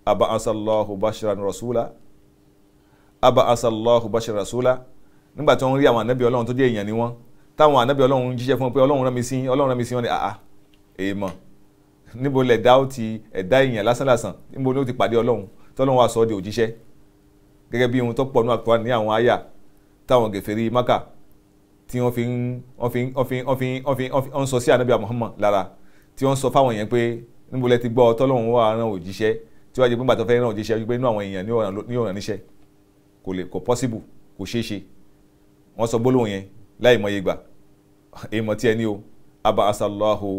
aba asallahu bashiran rasula aba asallahu bashiran rasula nígbà tí wọ́n rí àwọn ànábì Ọlọ́run tó jẹ́ èèyàn ni wọ́n táwọn ànábì ọlọ́run jíṣẹ́ fún ọ pé ọlọ́run rán mi sí ọlọ́run rán mi sí wọn ni àá èèmọ̀ níbo lẹ̀dá ó ti ẹ̀dá èèyàn lásánlàsàn níbo ni ó ti pàdé ọlọ́run tọ́lọ́run wá sọ ọ́ di òjíṣẹ́ gẹ́gẹ́ bí ohun tó pọ̀ nù àkùrá ní àwọn àyà táwọn gèfèrí maka tí wọ́n fi ń wọ́n fi ń wọ́n fi ń wọ́n fi ń wọ́n fi ń wọ́n sọ sí ànábì Muhammad lára tí wọ́n sọ fáwọn èèyàn pé níbo lẹ ti gbọ́ tọ́lọ́run wá rán òjíṣẹ́ tí wọ́n á jẹ́ pé gbàtọ́ fẹ́ rán òjíṣẹ́ wípé inú àwọn èèyàn ní ọ̀ràn níṣẹ́ kò lè kò possible kò ṣeé ṣe wọ́n sọ gbólóhùn yẹn láì mọ̀ yegba èèmọ̀ tí ẹ ní o abba asalahu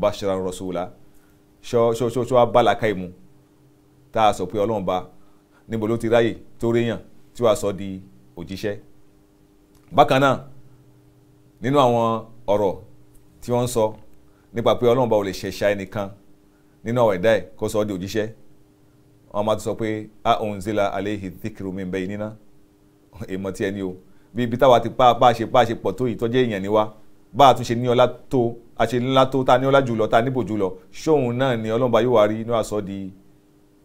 bashara rasula ṣọṣọṣọ abalaka ìmú tá a sọ pé ọlọ́run ba níbo ló ti ráyè tó réyàn tí wàá sọ di òjíṣẹ́ bákan náà nínú àwọn ọ̀rọ̀ tí wọ́n ń sọ nípa pé ọlọ́run ba ò lè ṣẹ̀ṣà ẹnìkan nínú àwọn ẹ̀dá ẹ̀ kó sọ di òjíṣẹ́ wọ́n máa ti sọ pé a unzila alayhi dhikru min baynina èèmọ̀ tí ẹ ní o bí ibi táwa ti pa bá a ṣe bá a ṣe pọ̀ tó ìtọ́jẹ́ èèyàn ni wá bá a tún ṣe ní ọlá tó a ṣe ńlá tó ta ní ọlá jùlọ ta níbò jùlọ ṣóun náà ni ọlọ́run bá yóò wá rí inú àsọ di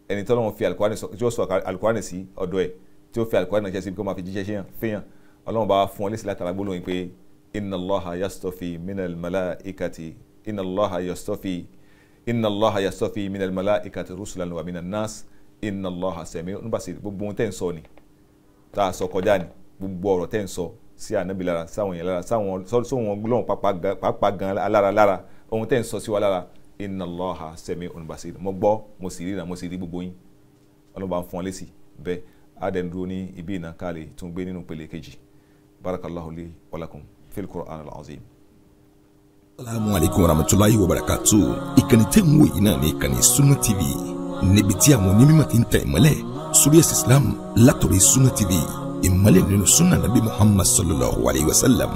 ẹni tí ọlọ́run fi alukurani sí ọ̀dọ̀ ẹ̀ tí ó fi alukurani náà ṣe sí bí kò máa fi jíṣẹ́ fihàn ọlọ́run bá fún ọ lẹ́sìn látara gbólóhùn pé inna allaha yastafi minal malaikati inna allaha yastafi inna allaha yastafi minal malaikati rusulan wa minan inna allaha sami'un basir gbogbo ohun tẹ́ ń sọ gbogbo ọ̀rọ̀ tẹ́ ń sọ sí ànábì lára sáwọn èèyàn lára sáwọn sóhun ọlọ́run pàápàá gan alára lára ohun tẹ́ ń sọ sí wa lára inna Allaha sami'un basir mo gbọ́ mo sì ríra mo sì rí gbogbo yín ọlọ́run ń fún ọ lésì bẹ́ẹ̀ adẹ́ndúró ní ibi ìná káàlè tún gbé nínú pèlè kejì barakallahu li wa fil Qur'an al-azim Assalamu alaikum warahmatullahi wabarakatuh ìkànnì tẹ́ ń wò yìí náà ní ìkànnì Sunna TV níbi tí àwọn onímọ̀ ti ń tẹ̀ ìmọ́lẹ̀ sórí ẹ̀sìn Islam látòrí Sunna TV ìmọ́lẹ̀ nínú súnà nàbí muhammad sallallahu alayhi wa sallam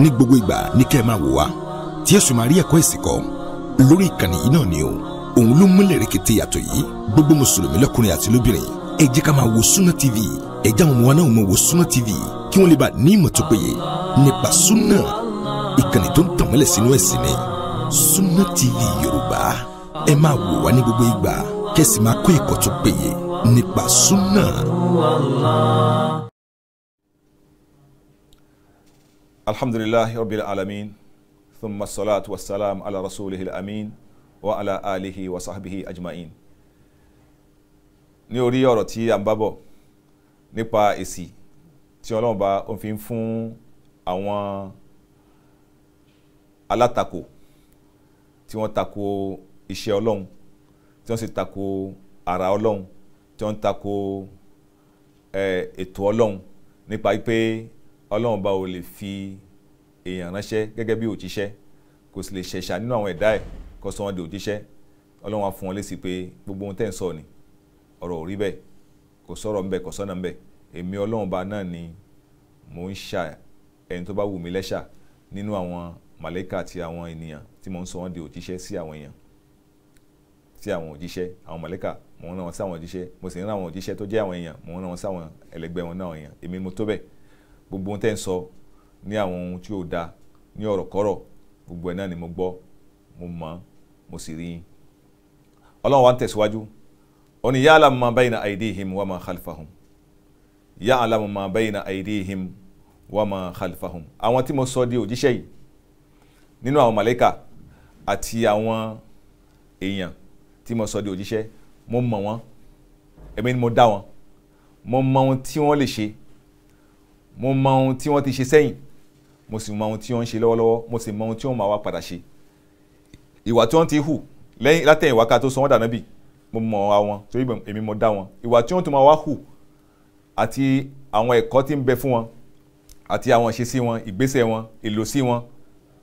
ní gbogbo ìgbà ní kẹ́ ẹ máa wò wá tí ẹ̀sùn máa rí ẹ̀kọ́ ìsìnkọ́ lórí ìkànnì yìí náà ni o òun ló múlẹ̀ rẹ̀kẹ̀tẹ̀ yàtọ̀ yìí gbogbo mùsùlùmí lọ́kùnrin àti lóbìnrin ẹ jẹ́ ká máa wo súnà tv ẹ jẹ́ àwọn ọmọ náà máa wo súnà tv kí wọ́n lè bá ní ìmọ̀ tó péye nípa súnà ìkànnì tó ń tànmọ́lẹ̀ sínú ẹ̀sìn ni súnà tv yorùbá ẹ máa wò wá ní gbogbo ìgbà kẹ́sì máa kọ́ ẹ̀kọ́ tó péye nípa súnà. alhamdulilayi rabbil alamin thumma salatu wa salam ala rasulihi amin wa ala alihi wa sahbihi ajma'in. ní orí ọ̀rọ̀ tí a ń bá bọ̀ nípa èsì tí ọlọ́run bá ó fi fún àwọn alátakò tí wọ́n tako iṣẹ́ ọlọ́run tí wọ́n sì tako ara ọlọ́run tí wọ́n ń tako ètò ọlọ́run nípa pé ọlọ́run bá ò lè fi èèyàn ránṣẹ́ gẹ́gẹ́ bí òjíṣẹ́ kò sì lè ṣẹ̀ṣà nínú àwọn ẹ̀dá ẹ̀ kó sọ wọn di òjíṣẹ́ ọlọ́run á fún wọn lésì pé gbogbo ohun tẹ́ ń sọ ni ọ̀rọ̀ ò rí bẹ́ẹ̀ kò sọ̀rọ̀ ń bẹ̀ kò sọ̀nà ń bẹ̀ èmi ọlọ́run bá náà ni mò ń ṣà ẹni tó bá wù mí lẹ́ṣà nínú àwọn màlẹ́kà àti àwọn ènìyàn tí mò ń sọ wọn di òjíṣẹ́ sí àwọn èèyàn sí àwọn òjíṣẹ́ àwọn màlẹ́kà mò ń rán wọn sáwọn òjíṣẹ́ mo sì ń rán àwọn òjíṣẹ́ tó jẹ́ àwọn èèyàn mò ń rán wọn sáwọn ẹlẹgbẹ́ wọn náà èèyàn èmi mo tó bẹ̀ gbogbo ohun tẹ́ ń sọ ní àwọn ohun tí ò da ní ọ̀rọ̀kọ́rọ̀ gbogbo ẹ̀ náà ni mo gbọ́ mo mọ̀ mo sì rí yín ọlọ́run wa ń tẹ̀síwájú ó ní ya'lamu ma bayna aydihim wa ma khalfahum ya'lamu ma bayna aydihim wa ma khalfahum àwọn tí mo sọ di òjíṣẹ́ yìí nínú àwọn màlẹ́kà àti àwọn èèyàn tí mo sọ di òjíṣẹ́ mo mọ̀ wọ́n èmi ni mo dá wọn mo mọ ohun tí wọ́n lè ṣe mo mọ ohun tí wọ́n ti ṣe sẹ́yìn mo sì mọ ohun tí wọ́n ń ṣe lọ́wọ́lọ́wọ́ mo sì mọ ohun tí wọ́n máa wá padà ṣe ìwà tí wọ́n ti hù lẹ́yìn látẹ̀yìn wákà tó sọ wọ́n dànù bì mo mọ̀ ọ́ wọn torí èmi mo dá wọn ìwà tí wọ́n tún máa wá hù àti àwọn ẹ̀kọ́ tí ń bẹ fún wọn àti àwọn ìṣesí wọn ìgbésẹ̀ wọn ìlòsí wọn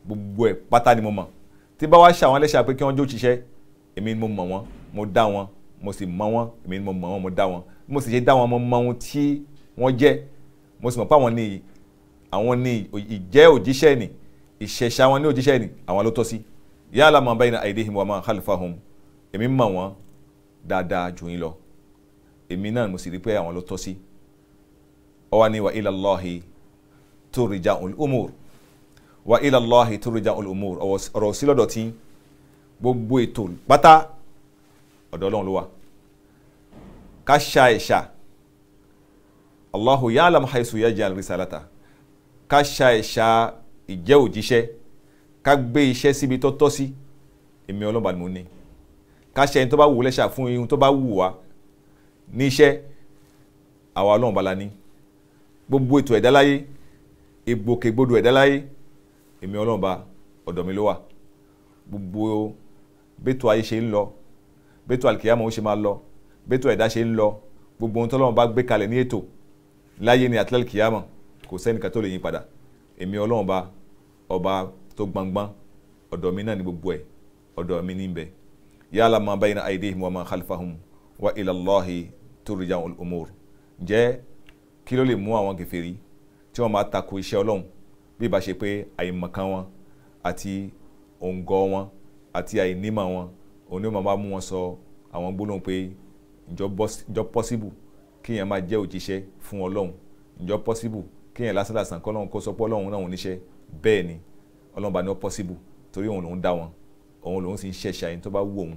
gbogbo ẹ̀ pátá ni mo mọ̀ tí bá wá ṣàwọn ẹlẹ́ṣà pé kí wọ́n jó ṣiṣẹ́ èmi mo mọ̀ wọn mo dá wọn mo sì mọ wọn èmi ni mo mọ wọn mo dá wọn mo sì ṣe dá wọn mo mọ ohun tí wọ́n jẹ́ mo sì mọ̀ pé àwọn ni àwọn ni ìjẹ́ òjíṣẹ́ ni ìṣẹ̀ṣà wọn ní òjíṣẹ́ ni àwọn ló tọ́ sí yálà máa báyìí ní àìdíhìn wa máa kálífà hùn èmi mọ̀ wọ́n dáadáa jù yín lọ èmi náà mo sì rí pé àwọn ló tọ́ sí ọ wá ní wa ilallahi turija al-umur wa ilallahi turija al-umur ọ̀rọ̀ sí lọ́dọ̀ gbogbo ètò pátá ọ̀dọ̀ ọlọ́run ló wà ká ṣa ẹ̀ṣà allahu ya'lam haisu yaj'al risalata ká ṣa ẹ̀ṣà ìjẹ́ òjíṣẹ́ ká gbé iṣẹ́ síbi tó tọ́ sí èmi ọlọ́ba ni mo ní ká ṣe ẹni tó bá wù lẹ́ṣà fún ihun tó bá wù wá ní iṣẹ́ àwa ọlọ́run bala ní gbogbo ètò ẹ̀dá láyé ìgbòkègbodò ẹ̀dá láyé èmi ọlọ́run ba ọ̀dọ̀ mi ló wà gbogbo bẹ́tò ayé ṣe ń lọ bẹ́tò alikiyama ó ṣe máa lọ bẹ́tò ẹ̀dá ṣe ń lọ gbogbo ohun tọ́lọ́run bá gbé kalẹ̀ ní ètò láyé ni àti alikiyama kò sẹ́nìkan tó lè yí padà èmi ọlọ́run bá ọba tó gbangban ọ̀dọ̀ mi náà ni gbogbo ẹ̀ ọ̀dọ̀ mi ní bẹ̀ yálà máa bayna aydihim wa ma khalfahum wa ilallahi turja'ul umur ǹjẹ́ kí ló lè mú àwọn kèfèrí tí wọ́n máa tako iṣẹ́ ọlọ́run bí ìbá ṣe pé àìmọ̀kan wọn àti òǹgọ̀ wọn àti àìnímọ̀ wọn òun ni ó máa bá mú wọn sọ àwọn gbólóhùn pé ǹjọ́ possible kéèyàn máa jẹ́ òjíṣẹ́ fún ọlọ́run ǹjọ́ possible kéèyàn lásánlàsàn kọ́ ọlọ́run kó sọ pé ọlọ́run náà òun níṣẹ́ bẹ́ẹ̀ ni ọlọ́run bá ní ó possible torí òun lòún dá wọn òun lòún sì ń ṣẹ̀ṣà ẹni tó bá wù òun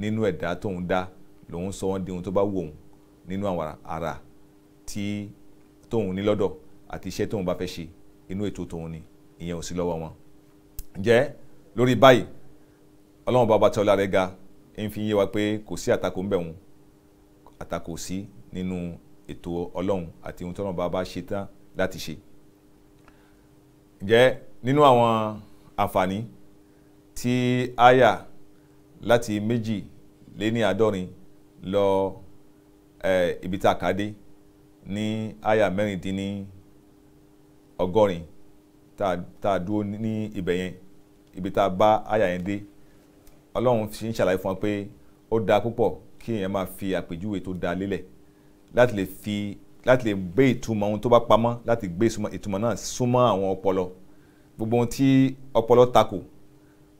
nínú ẹ̀dá tóun dá lòún sọ wọn di ohun tó bá wù òun nínú àwọn ara tí tóun ní lọ́dọ̀ àti iṣẹ́ tóun bá fẹ́ ṣe inú ètò tóun ni ìyẹn ò sí lọ́wọ́ wọn. ǹjẹ́ lórí báyìí ọlọ́run bá ọba tí ọlá rẹ̀ ga ń fi yé wa pé kò sí àtakò ń bẹ̀ wọn àtakò sí nínú ètò ọlọ́run àti ohun tí ọlọ́run bá bá ṣe tán láti ṣe. ǹjẹ́ nínú àwọn àǹfààní tí aya láti méjì lé ní àádọ́rin lọ ibi tá a kà á dé ní aya mẹ́rìndínní ọgọ́rin tá a dúró ní ibẹ̀ yẹn ibi tá a bá aya yẹn dé ọlọ́run fi ń ṣàlàyé fún wa pé ó dáa púpọ̀ kí èèyàn máa fi àpèjúwe tó dáa lélẹ̀ láti lè fi láti lè gbé ìtumọ̀ ohun tó bá pamọ́ láti gbé ìtumọ̀ náà súnmọ́ àwọn ọpọlọ gbogbo ohun tí ọpọlọ takò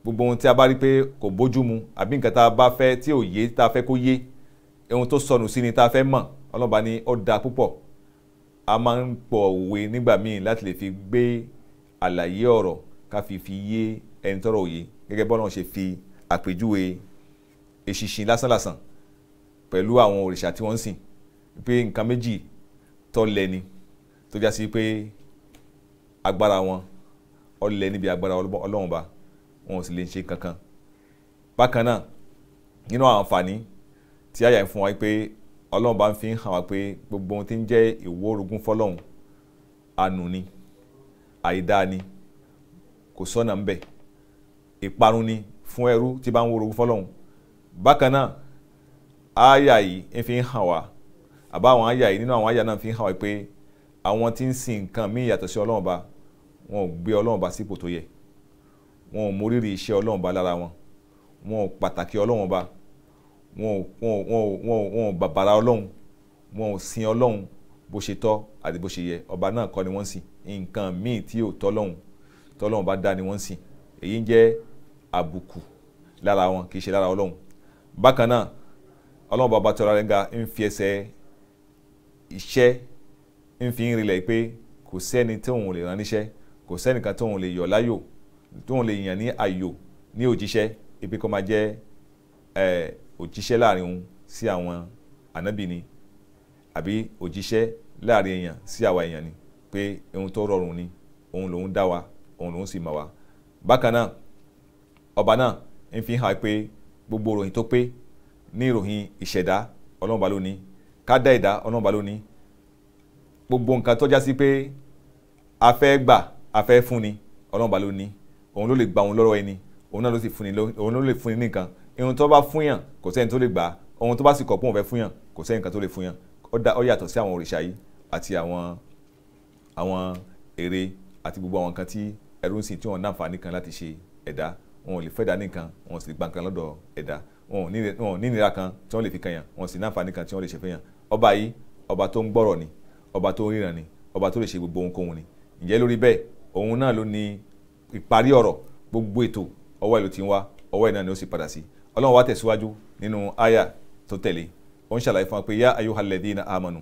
gbogbo ohun tí a bá rí pé kò bójú mu àbí nǹkan tá a bá fẹ́ tí ò yé tá a fẹ́ kó yé ohun tó sọnù sí ni tá a fẹ́ mọ̀ ọlọ́ba ni ó dáa púpọ̀ a máa ń pọ̀ òwe nígbà míì láti lè fi gbé àlàyé ọ̀rọ̀ ká fi fi yé ẹni tọ́rọ̀ òye gẹ́gẹ́ bọ́lá ṣe fi àpèjúwe eṣinṣin lásánlàsàn pẹ̀lú àwọn òrìṣà tí wọ́n ń sìn pé nǹkan méjì tọ́lẹ̀ ni tó já sí pé agbára wọn ọlẹ̀ níbi agbára ọlọ́run ba wọn ò sì lè ṣe kankan bákan náà nínú àwọn àǹfààní tí àyà ń fún wa pé ọlọ́run bá ń fi hàn wá pé gbogbo ohun tí ń jẹ́ ìwó orogún fọlọ́run ànú ni àìdáa ni kò sọ́nà ń bẹ̀ ìparun ni fún ẹrú tí bá ń wórogún fọlọ́hún bákan náà àyà yìí fi ń hàn wá àbá àwọn àyà yìí nínú àwọn àyà náà fi ń hàn wá pé àwọn tí ń sin nǹkan míì yàtọ̀ sí ọlọ́run ba wọn ò gbé ọlọ́run ba sípò tó yẹ wọn ò mórírì iṣẹ́ ọlọ́run ba lára wọn wọn ò pàtàkì ọlọ́run ba wọn ò bàbàrà ọlọ́run wọn ò sin ọlọ́run bó ṣe tọ́ àti bó ṣe yẹ ọba náà kọ́ ni wọ́n ń sìn nǹkan míì tí ò tọ́lọ́run tọ́lọ́run bá dá ni wọ́n ń sìn èyí ń jẹ́ àbùkù lára wọn kì í ṣe lára ọlọ́run bákan náà ọlọ́run bàbá tí ọlọ́run ga ń fi ẹsẹ̀ iṣẹ́ ń fi ń rinlẹ̀ pé kò sẹ́ni tí òun lè rán níṣẹ́ kò sẹ́nìkan tí òun lè yọ̀ láyò tí òun lè yàn ní àyò ní òjíṣẹ́ ibi kó máa jẹ́ òjíṣẹ́ láàrin òun sí àwọn ànábì ni àbí òjíṣẹ́ láàrin èèyàn sí àwa èèyàn ni pé ohun tó rọrùn ni òun lòun dá wa òun lòun sì mọ̀ wa bákan náà ọba náà ń fi hàn pé gbogbo ìròyìn tó pé ní ìròyìn ìṣẹ̀dá ọlọ́run lónìí kádà ẹ̀dá ọlọ́run ọba lónìí gbogbo nǹkan tó sí pé a fẹ́ gbà a fẹ́ fún ni ọlọ́run ọba lónìí òun ló lè gba òun lọ́rọ̀ ẹni òun náà ló sì fún ni òun ló lè fún ni nìkan irun tó bá fún yàn kò sẹ́ni tó lè gbà ohun tó bá sì kọ̀ pé òun fẹ́ fún yàn kò sẹ́ni kan tó lè fún yàn ó yàtọ̀ sí àwọn òrìṣà yìí àti àwọn àwọn ère àti gbogbo àwọn nǹkan tí ẹrú ń sìn tí wọn náà fà ní kan láti ṣe ẹ̀dá wọn ò lè fẹ́ dá nìkan wọn ò sì gba nǹkan lọ́dọ̀ ẹ̀dá wọn ò ní ìnira kan tí wọ́n lè fi kan yàn wọn ò sì ní àǹfààní kan tí wọ́n lè ṣe fẹ́ yàn ọba yìí ọba tó ń gbọ́rọ̀ ni ọba tó ń ríran ni ọba tó lè ṣe gbogbo ohunkóhun ni ǹjẹ́ lórí bẹ́ẹ̀ òun náà ló ní ìparí ọ̀rọ̀ gbogbo ètò ọwọ́ ìlú ti ń wá ọwọ́ ìnáà ni ó sì padà sí ọlọ́run wá tẹ̀síwájú nínú àyà tó tẹ̀lé ó ń ṣàlàyé fún wa pé yá ayuhalladhina amanu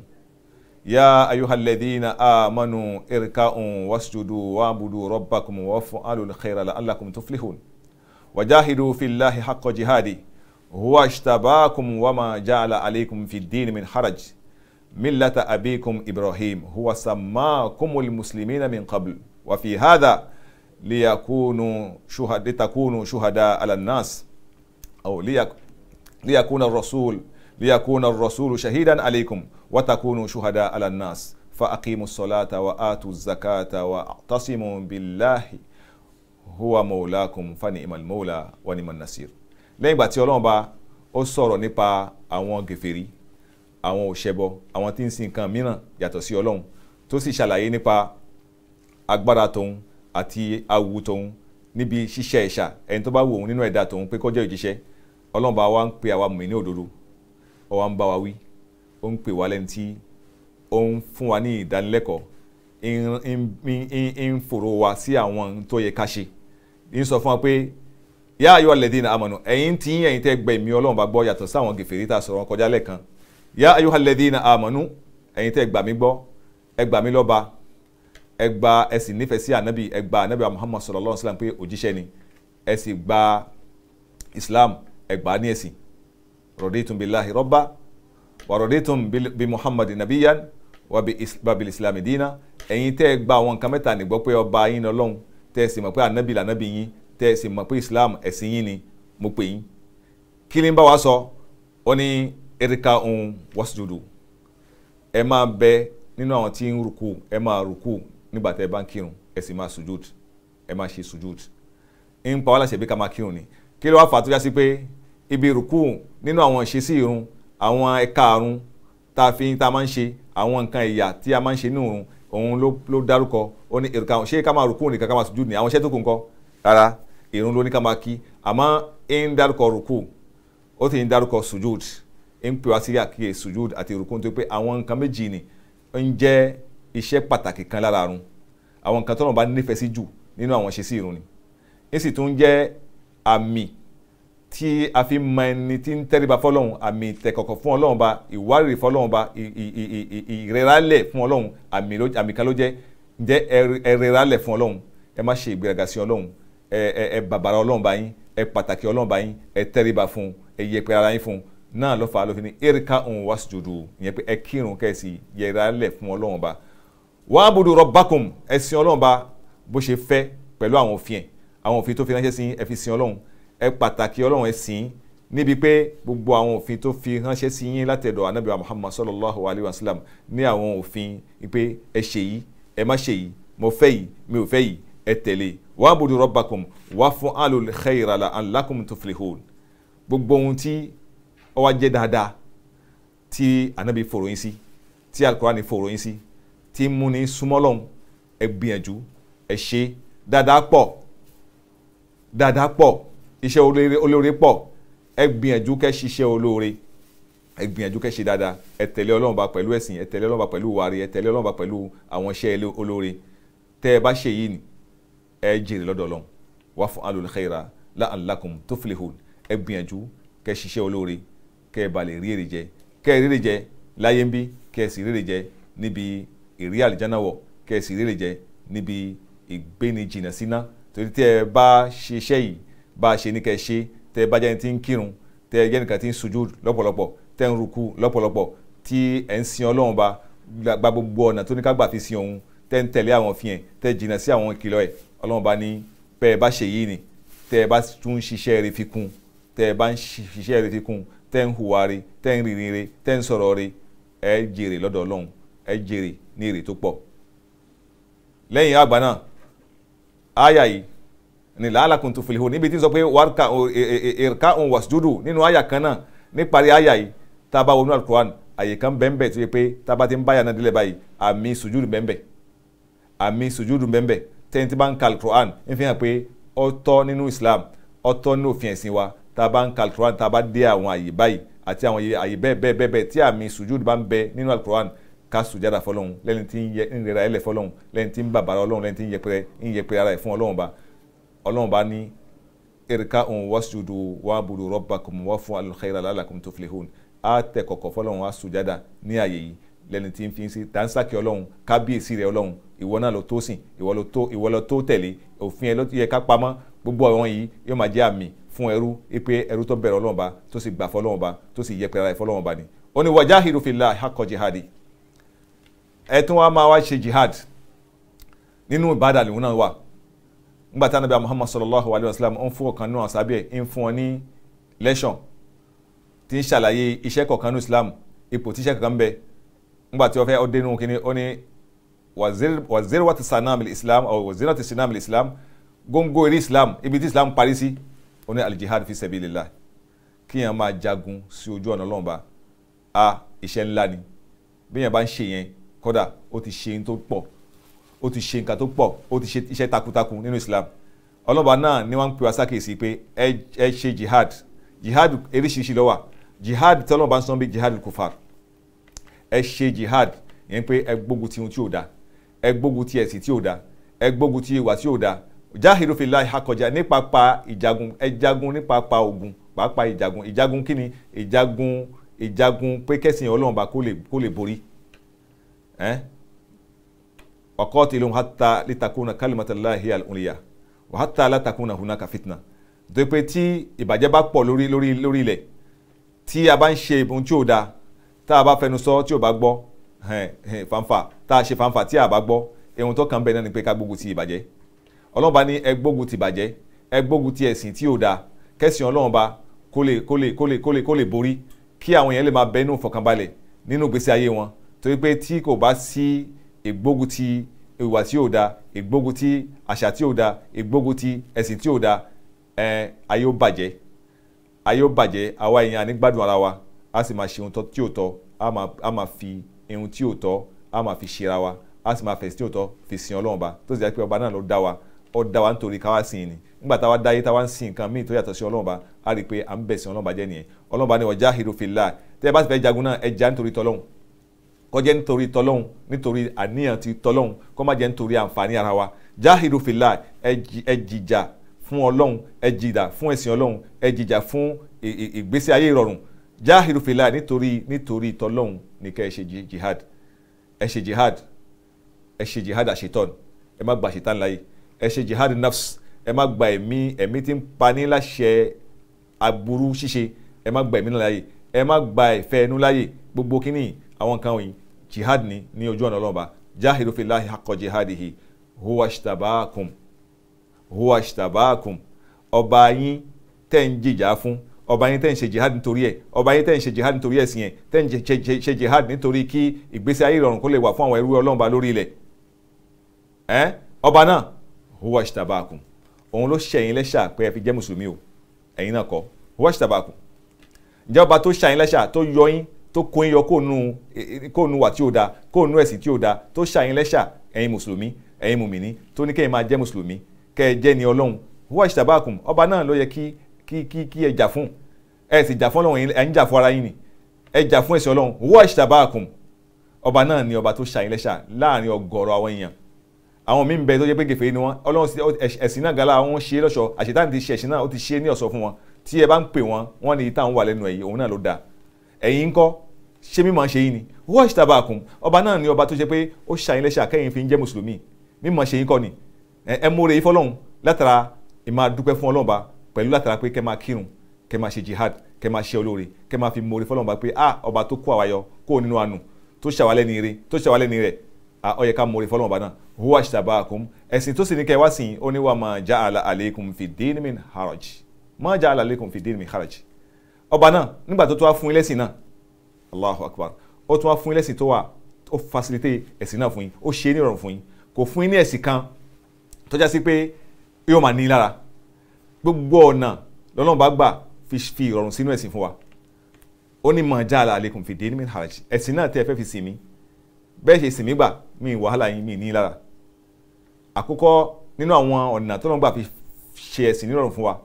yá ayuhalladhina amanu irka'u wasjudu wa'budu rabbakum waf'alul khaira la'allakum tuflihun وجاهدوا في الله حق جهاده هو اشتباكم وما جعل عليكم في الدين من حرج ملة أبيكم إبراهيم هو سماكم المسلمين من قبل وفي هذا ليكونوا شهد لتكونوا شهداء على الناس أو ليك ليكون الرسول ليكون الرسول شهيدا عليكم وتكونوا شهداء على الناس فأقيموا الصلاة وآتوا الزكاة واعتصموا بالله huwa maulakum fani imal maula wa ni manasir lẹ́yìn ìgbà tí ọlọ́run bá ó sọ̀rọ̀ nípa àwọn gèfèrí àwọn òṣèbọ àwọn tí ń sin nǹkan mìíràn yàtọ̀ sí ọlọ́run tó sì ṣàlàyé nípa agbára tòun àti awu tòun níbi ṣíṣe ẹ̀ṣà ẹni tó bá wù òun nínú ẹ̀dá tòun pé kọjá òjíṣẹ́ ọlọ́run bá wa ń pe àwa mùmí ní òdodo ó wá ń bá wa wí ó ń pè wá lẹ́ni tí ó ń fún wa ní ìdánilẹ́kọ̀ọ́ ń fòrò wa sí àwọn tó yẹ ká ṣe ń sọ fún wa pé yá ayọ́ alẹ́dí na amọ̀nù ẹ̀yin tí yín ẹ̀yin tẹ́ gbẹ ìmí ọlọ́run bá gbọ́ yàtọ̀ sáwọn gèfèrí tá a sọ̀rọ̀ kọjá lẹ́ẹ̀kan yá ayọ́ alẹ́dí na amọ̀nù ẹ̀yin tẹ́ gbà mí gbọ́ ẹ gbà mí lọ́ba ẹ gba ẹ sì nífẹ̀ẹ́ sí ànábì ẹ gba ànábì Muhammad sallallahu alaihi wasallam pé òjíṣẹ́ ni ẹ sì gba Islam ẹ gbà ní ẹ̀sìn raditum billahi rabba wa raditum bi Muhammadin nabiyyan wa bi Islam dina ẹ̀yin tẹ́ gba àwọn nǹkan mẹ́ta nígbọ́ pé ọba yín ọlọ́run tẹ́ ẹ sì mọ̀ pé ànábì lànábì yín tẹ́ ẹ sì pé islam ẹ̀sìn yín ni mo pè yín kí bá wa sọ ó ní erika ohun wasjudu ẹ máa bẹ nínú àwọn tí ń ruku ẹ máa ruku nígbà tẹ́ ẹ bá ń kírun ẹ sì máa sujud ẹ máa ṣe sujud ń pa wá láṣẹ bí ká máa kírun ni kí ló wá fà á tó yá sí pé ibi ruku nínú àwọn ìṣesí irun àwọn ẹ̀ka àrùn tá a fi tá a máa ń ṣe àwọn nǹkan ẹ̀yà tí a máa ń ṣe nínú òun òun ló ló dárúkọ ó ní ìrùkà ṣé ká máa rùkú nìkan ká máa sùjúdù ní àwọn iṣẹ́ tó kù ńkọ́ rárá ìrun ló ní ká máa kí àmọ́ ń dárúkọ rùkú ó sì ń dárúkọ sùjúdù ń pè wá sí àkíyè sùjúdù àti rùkú nítorí pé àwọn nǹkan méjì ni ń jẹ́ iṣẹ́ pàtàkì kan lára àrùn àwọn nǹkan tọ́nà bá nífẹ̀ẹ́ sí jù nínú àwọn ṣe sí ìrun ni ń sì tún jẹ́ àmì tí a fi mọ ẹni tí ń tẹríba fọlọ́hún àmì ìtẹ̀kọ̀kọ̀ fún ọlọ́hún ba ìwárìrì fọlọ́hún ba ìrẹ́rálẹ̀ fún ọlọ́hún àmì kan ló jẹ́ jẹ́ ẹrẹ́rálẹ̀ fún ọlọ́hún ẹ má ṣe ìgbéraga sí ọlọ́hún ẹ ẹ bàbàrà ọlọ́hún ba yín ẹ pàtàkì ọlọ́hún ba yín ẹ tẹríba fún un ẹ yẹpẹ ara yín fún un náà ló fà á ló fi ní erika òun wá sùjúdù ìyẹn pé ẹ kírun kẹ́sì yẹrẹ́rálẹ̀ fún ọlọ́hún ba wàá abudu rabbakum ẹ sin ọlọ́hún ba bó ṣe fẹ́ pẹ̀lú àwọn òfin ẹ̀ àwọn òfin tó fi ránṣẹ́ sí ẹ fi sin ọlọ́hún ẹ pàtàkì ọlọ́run ẹ sìn níbi pé gbogbo àwọn òfin tó fi ránṣẹ́ sí yín látẹ̀dọ̀ anabiwa muhammad sallallahu alayhi wa sallam ní àwọn òfin pé ẹ ṣe yìí ẹ má ṣe yìí mo fẹ́ yìí mi ò fẹ́ yìí ẹ tẹ̀lé e. wàá budu rabbakum wàá fún alul khayra la'allakum tuflihun gbogbo ohun tí ó wá jẹ́ dáadáa tí anabi fòròyìn sí tí alukurani fòròyìn sí tí múni súnmọ́lọ́hún ẹ gbìyànjú ẹ ṣe dáadáa pọ̀ dáadáa pọ̀ iṣẹ́ olóore pọ̀ ẹ gbìyànjú kẹ́ ṣiṣẹ́ olóore ẹ gbìyànjú kẹ́ ṣe dáadáa ẹ tẹ̀lé Ọlọ́run bá pẹ̀lú ẹ̀sìn ẹ tẹ̀lé Ọlọ́run bá pẹ̀lú wàrí ẹ tẹ̀lé Ọlọ́run bá pẹ̀lú àwọn iṣẹ́ olóore tẹ́ ẹ bá ṣe yìí ni ẹ jèrè lọ́dọ̀ Ọlọ́run wà fún alul khaira la'allakum tuflihun ẹ gbìyànjú kẹ́ ṣiṣẹ́ olóore kẹ́ ẹ bá lè rí èrè jẹ kẹ́ ẹ rí èrè jẹ láyé ń kẹ́ ẹ sì rí èrè jẹ níbi ìrí àlìjáná kẹ́ ẹ sì rí èrè jẹ níbi ìgbéni jìnnà síná torí tẹ́ ẹ bá ṣiṣẹ́ yìí bá a ṣe ní kẹ́ ṣe tẹ́ bá jẹ́ ẹni tí ń kírun tẹ́ jẹ́ ẹnìkan tí ń sùjú lọ́pọ̀lọpọ̀ tẹ́ ń rúkú lọ́pọ̀lọpọ̀ tí ẹ̀ ń sin ọlọ́run ba gba gbogbo ọ̀nà tó ní ká gbà fi sin òun tẹ́ ń tẹ̀lé àwọn fi yẹn tẹ́ jìnnà sí àwọn ìkìlọ̀ ẹ̀ ọlọ́run bá ní bẹ́ ẹ bá ṣe yìí ni tẹ́ ẹ bá tún ṣiṣẹ́ rẹ̀ fi kún tẹ́ ẹ bá ń ṣiṣẹ́ rẹ̀ fi kún tẹ́ ń hùwà rẹ̀ tẹ́ ń rìnrìn rẹ̀ tẹ́ ń sọ̀rọ̀ rẹ̀ ẹ jèrè lọ́dọ̀ ọlọ́run ẹ jèrè ní èrè tó pọ̀ lẹ́yìn àgbà náà áyà yìí ní làálàkùn tó fìlìhò níbi tí ń sọ pé wàrkà èrkà e, e, e, òun wàsíjúdù nínú àyà kan náà níparí àyà yìí tá a bá wọnú alukuran àyè kan bẹ́ẹ̀nbẹ́ tó yẹ pé tá a bá ti ń báyà náà délẹ̀ báyìí àmì sùjúdù bẹ́ẹ̀nbẹ́ àmì sùjúdù bẹ́ẹ̀nbẹ́ tẹ́ni tí bá ń ka alukuran ń fi hàn pé ọ̀tọ̀ nínú Islam ọ̀tọ̀ nínú òfin ẹ̀sìn wa tá a bá ń ka alukuran tá a bá dé àwọn àyè báyìí àti àwọn àyè bẹ́ẹ̀ bẹ́ẹ̀ bẹ́ẹ̀ bẹ́ẹ̀ tí àmì sùjúdù bá ń bẹ nínú alukuran ká sùjádà fọlọ́hún lẹ́ni tí ń yẹ ń rẹra ẹlẹ̀ fọlọ́hún lẹ́ni tí ń bàbára ọlọ́hún lẹ́ni tí ń yẹpẹrẹ ń yẹpẹrẹ ara ẹ̀ fún ọlọ́hún ba ọlọ́run bá ní erika òun wasjudu wabudu rabbakum wá fún alkhaira lalakum tuflihun á tẹ̀ kọ̀kọ̀ fọlọ́run á sùjádà ní àyè yìí lẹ́ni tí ń fi ń sí tàǹsàkì ọlọ́run kábíyèsí rẹ̀ ọlọ́run ìwọ náà ló tó sìn ìwọ ló tó ìwọ ló tó tẹ̀lé òfin ẹ ló yẹ ká pamọ́ gbogbo àwọn yìí yóò máa jẹ́ àmì fún ẹrú pé ẹrú tó bẹ̀rẹ̀ ọlọ́run ba tó sì gbà fọlọ́run ba tó sì yẹpẹrẹ ara ẹ̀ fọlọ́run ba ni. ó ní wajahiru fillahi haqqa jihadi ẹ̀ tún wá máa wá ṣe jihad nínú ìbádà lòun náà wà nígbà tí anabi muhammad sallallahu alayhi wa sallam ń fún ọ̀kan nínú àṣàbí ẹ̀ ń fún ọ ní lẹ́ṣọ̀n tí ń ṣàlàyé iṣẹ́ kọ̀ọ̀kan ní islam ipò tíṣẹ́ kankan bẹ nígbà tí wọ́n fẹ́ ọdẹ nínú kínní ó ní wazir wati sanam islam or wazir wati sinam islam góńgó eré islam ibi tí islam parí sí ó ní alijihad fi sabilillah kíyàn máa jagun sí ojú ọ̀nà ọlọ́run a iṣẹ́ ńlá ni bí yẹn bá ń ṣe yẹn kódà ó ti ṣe yín tó pọ̀ ó ti ṣe nǹkan tó pọ̀ ó ti ṣe iṣẹ́ takuntakun nínú Islam ọlọ́ba náà ni wọ́n ń pè wá sákèsí pé ẹ ṣe jihad jihad eríṣiríṣi ló wà jihad tọ́lọ́ba ń sọ bí jihad kufar ẹ ṣe jihad yẹn pé ẹ gbógun ti ohun tí ò da ẹ gbógun ti ẹ̀sìn tí ò da ẹ gbógun ti ìwà tí ò da jahiru fi láì hakọjá nípa pa ìjagun ẹ jagun nípa pa ogun pàápàá ìjagun ìjagun kí ni ìjagun ìjagun pé kẹ́sìn ọlọ́run bá kó lè borí waqatilum hatta litakuna kalimatullahi hiya al-ulya wa hatta la takuna hunaka fitna tó pé tí ìbàjẹ́ bá pọ̀ lórí lórí lórí ilẹ̀ tí a bá ń ṣe ohun tí ò da tá a bá fẹnu sọ tí ò bá gbọ́ fanfa tá a ṣe fanfa tí a bá gbọ́ ohun tó kàn bẹ́ẹ̀ náà ni pé ká gbógun ti ìbàjẹ́ ọlọ́run bá ní ẹ gbógun ti ìbàjẹ́ ẹ gbógun ti ẹ̀sìn tí ò da kẹ́sìn ọlọ́run bá kó lè kó lè kó lè kó lè kó lè borí kí àwọn èèyàn lè máa bẹ inú ìfọ̀kànbalẹ̀ nínú ìgbésí ayé wọn torí pé tí kò bá sí ìgbógun ti ìwà tí ò da ìgbógun ti àṣà tí ò da ìgbógun ti ẹ̀sìn tí ò da ẹ ayé ó bàjẹ́ ayé ó bàjẹ́ àwa èèyàn ànígbádùn ara wa a sì máa ṣe ohun tí ò tọ́ a máa fi ohun tí ò tọ́ a máa fi ṣera wa a sì máa fẹ̀sìn tí ò tọ́ fi sin ọlọ́run ba tó sì jẹ́ pé ọba náà ló dá wa ó dá wa nítorí káwá sìn ni nígbà táwa dáyé táwa ń sin nǹkan míì tó yàtọ̀ sí ọlọ́run ba a rí i pé à ń bẹ̀sìn ọlọ́run ba jẹ́ nìyẹn ọlọ́run ba ni wọ́n jáhìrò fìlà tẹ́ ẹ bá sì fẹ́ jagun náà ẹ jà nítorí tọ́lọ́run kó jẹ́ nítorí tọlọ́hun nítorí àníyàn ti tọlọ́hun kó má jẹ́ nítorí àǹfààní ara wa jahidu fillah ẹ jìjà fún ọlọ́hun ẹ jìjà fún ẹ̀sìn ọlọ́hun ẹ jìjà fún ìgbésí ayé ìrọ̀rùn jahidu fillah nítorí nítorí tọlọ́hun ní ẹ ṣe jihad ẹ ṣe jihad ẹ ṣe jihad àṣetọ́n ẹ má gba àṣetán láyé ẹ ṣe jihad nafs ẹ má gba ẹ̀mí ẹ̀mí tí ń pani láṣẹ aburú ṣíṣe ẹ má gba ẹ̀mí náà láyè ẹ má gba ìfẹ́ ẹnu láyè gbogbo kínní àwọn nǹkan wọ̀nyí jihad ni ní ojú ọ̀nà ọlọ́ọ̀ba jahidu fillahi haqqa jihadihi huwa ishtabakum huwa ishtabakum ọba yín tẹ́ ń jìjà fún ọba yín tẹ́ ń ṣe jihad nítorí ẹ̀ ọba yín tẹ́ ń ṣe jihad nítorí ẹ̀sìn ẹ̀ tẹ́ ń ṣe jihad nítorí kí ìgbésí ayé ìrọ̀rùn kó lè wà fún àwọn ẹrú ọlọ́ọ̀ba lórí ilẹ̀ ẹ̀ ọba náà huwa ishtabakum òun ló ṣẹ̀yìn lẹ́ṣà pé ẹ fi jẹ́ mùsùlùmí o ẹ̀yin náà kọ́ huwa ǹjẹ́ ọba tó ṣàyìn lẹ́ṣà tó yọ yín tó kó yín yọ kóònù kóònù wà tí ó da kóònù ẹ̀sìn tí ó da tó ṣàyín lẹ́ṣà ẹ̀yin mùsùlùmí ẹ̀yin mùmìnì tó ní kẹ́yìn máa jẹ́ mùsùlùmí kẹ́ ẹ jẹ́ ni ọlọ́run wọ́n ṣì tàbákùn ọba náà ló yẹ kí kí kí kí ẹ jà fún ẹ sì jà fún ọlọ́run ẹ̀ ń jà fún ara yín ni ẹ jà fún ẹ̀sìn ọlọ́run wọ́n ṣì tàbákùn ọba náà ni ọba tó ṣàyín lẹ́ṣà láàrin ọgọ́rọ̀ àwọn èèyàn àwọn míì ń bẹ tó jẹ́ pé gèfè ni wọ́n ọlọ́run ẹ̀sìn náà gàlá wọn ṣe lọ́ṣọ̀ọ́ àṣetán ti ṣe ẹ̀sìn náà ó ti ṣe é ní ọ̀ṣọ́ fún wọn tí ẹ bá ń pè wọn wọn ní ìtàn wà lẹ́nu ẹ̀yìn òun náà ló dáa ẹ̀yin ńkọ́ ṣé mímọ̀ ṣe yín ni wọ́n ṣe tàbá àkùn ọba náà ni ọba tó ṣe pé ó ṣàyìn lẹ́ṣà kẹ́yìn fi ń jẹ́ mùsùlùmí mímọ̀ ṣe yín kọ́ ni ẹ múre yín fọlọ́hún látara ẹ dúpẹ́ fún ọlọ́run pẹ̀lú látara pé kẹ́ máa kírun kẹ́ máa ṣe jihad kẹ́ máa ṣe olóore kẹ́ máa fi múre fọlọ́run ba pé ah ọba tó kó àwa yọ kó nínú àánú tó ṣàwálẹ́ ní ire tó ṣàwálẹ́ ní rẹ̀ ó yẹ ká múre fọlọ́run ba náà huwa shtabakum ẹ̀sìn tó sì ní kẹ́ wá sìn ó ní wa ma ja'ala alaykum fi din min haraj ma ja'ala alaykum fi din min haraj ọba náà nígbà tó tó wá fún ẹlẹ́sìn náà allahu akbar ó tún wá fún ẹlẹ́sìn tó wà ó facilitate ẹ̀sìn náà fún yín ó ṣe é ní ìrọ̀rùn fún yín kò fún yín ní ẹ̀sìn kan tó já sí pé yóò máa ní lára gbogbo ọ̀nà lọ́nà bá gbà fi ìrọ̀rùn sínú ẹ̀sìn fún wa ó ní màá já àlà àlekùn fìdí ní mìíràn ẹ̀sìn náà tẹ́ ẹ fẹ́ fi sìn mí bẹ́ẹ̀ ṣe sìn mí gbà mí wàhálà yín mí ní lára àkọ́kọ́ nínú àwọn ọ̀nà tó gbà fi ṣe ẹ̀sìn nírọ̀rùn fún wa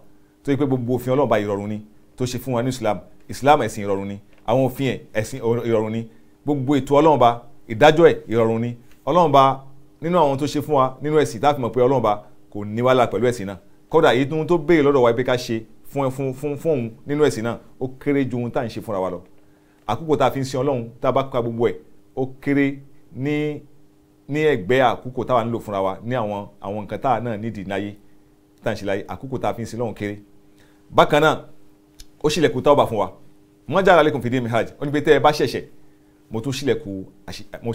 tó yẹ pé gbogbo òfin Ọlọ́run ìrọ̀rùn ni tó ṣe fún wa ní islam islam ẹ̀sìn ìrọ̀rùn ni àwọn òfin ẹ̀ ẹ̀sìn ìrọ̀rùn ni gbogbo ètò ọlọ́run ba ìdájọ́ ẹ̀ ìrọ̀rùn ni ọlọ́run ba nínú àwọn tó ṣe fún wa nínú ẹ̀sìn tá a fi mọ̀ pé ọlọ́run ba kò ní wàhálà pẹ̀lú ẹ̀sìn náà kódà èyí tó ń tó béèrè lọ́dọ̀ wa pé ká ṣe fún fún fún fún òun nínú ẹ̀sìn náà ó kéré ju ohun tá à ń ṣe fúnra wa lọ àkókò tá a fi ń sin ọlọ́run tá a bá ka gbogbo ẹ̀ ó kéré ní ní ẹ̀gbẹ́ àkókò táwa ń lò fúnra wa ní àwọn àwọn nǹkan tá a náà nídìí láyé tá à ń ṣe láyé àkókò tá a fi ń sin ọlọ́run kéré bákan náà ó ṣílẹ̀kùn tọ́ọ̀bà fún wa mọ́ jà lálẹ́kùn fìdí mi hajj ó ní pé tẹ́ ẹ bá ṣẹ̀ṣẹ̀ mo tún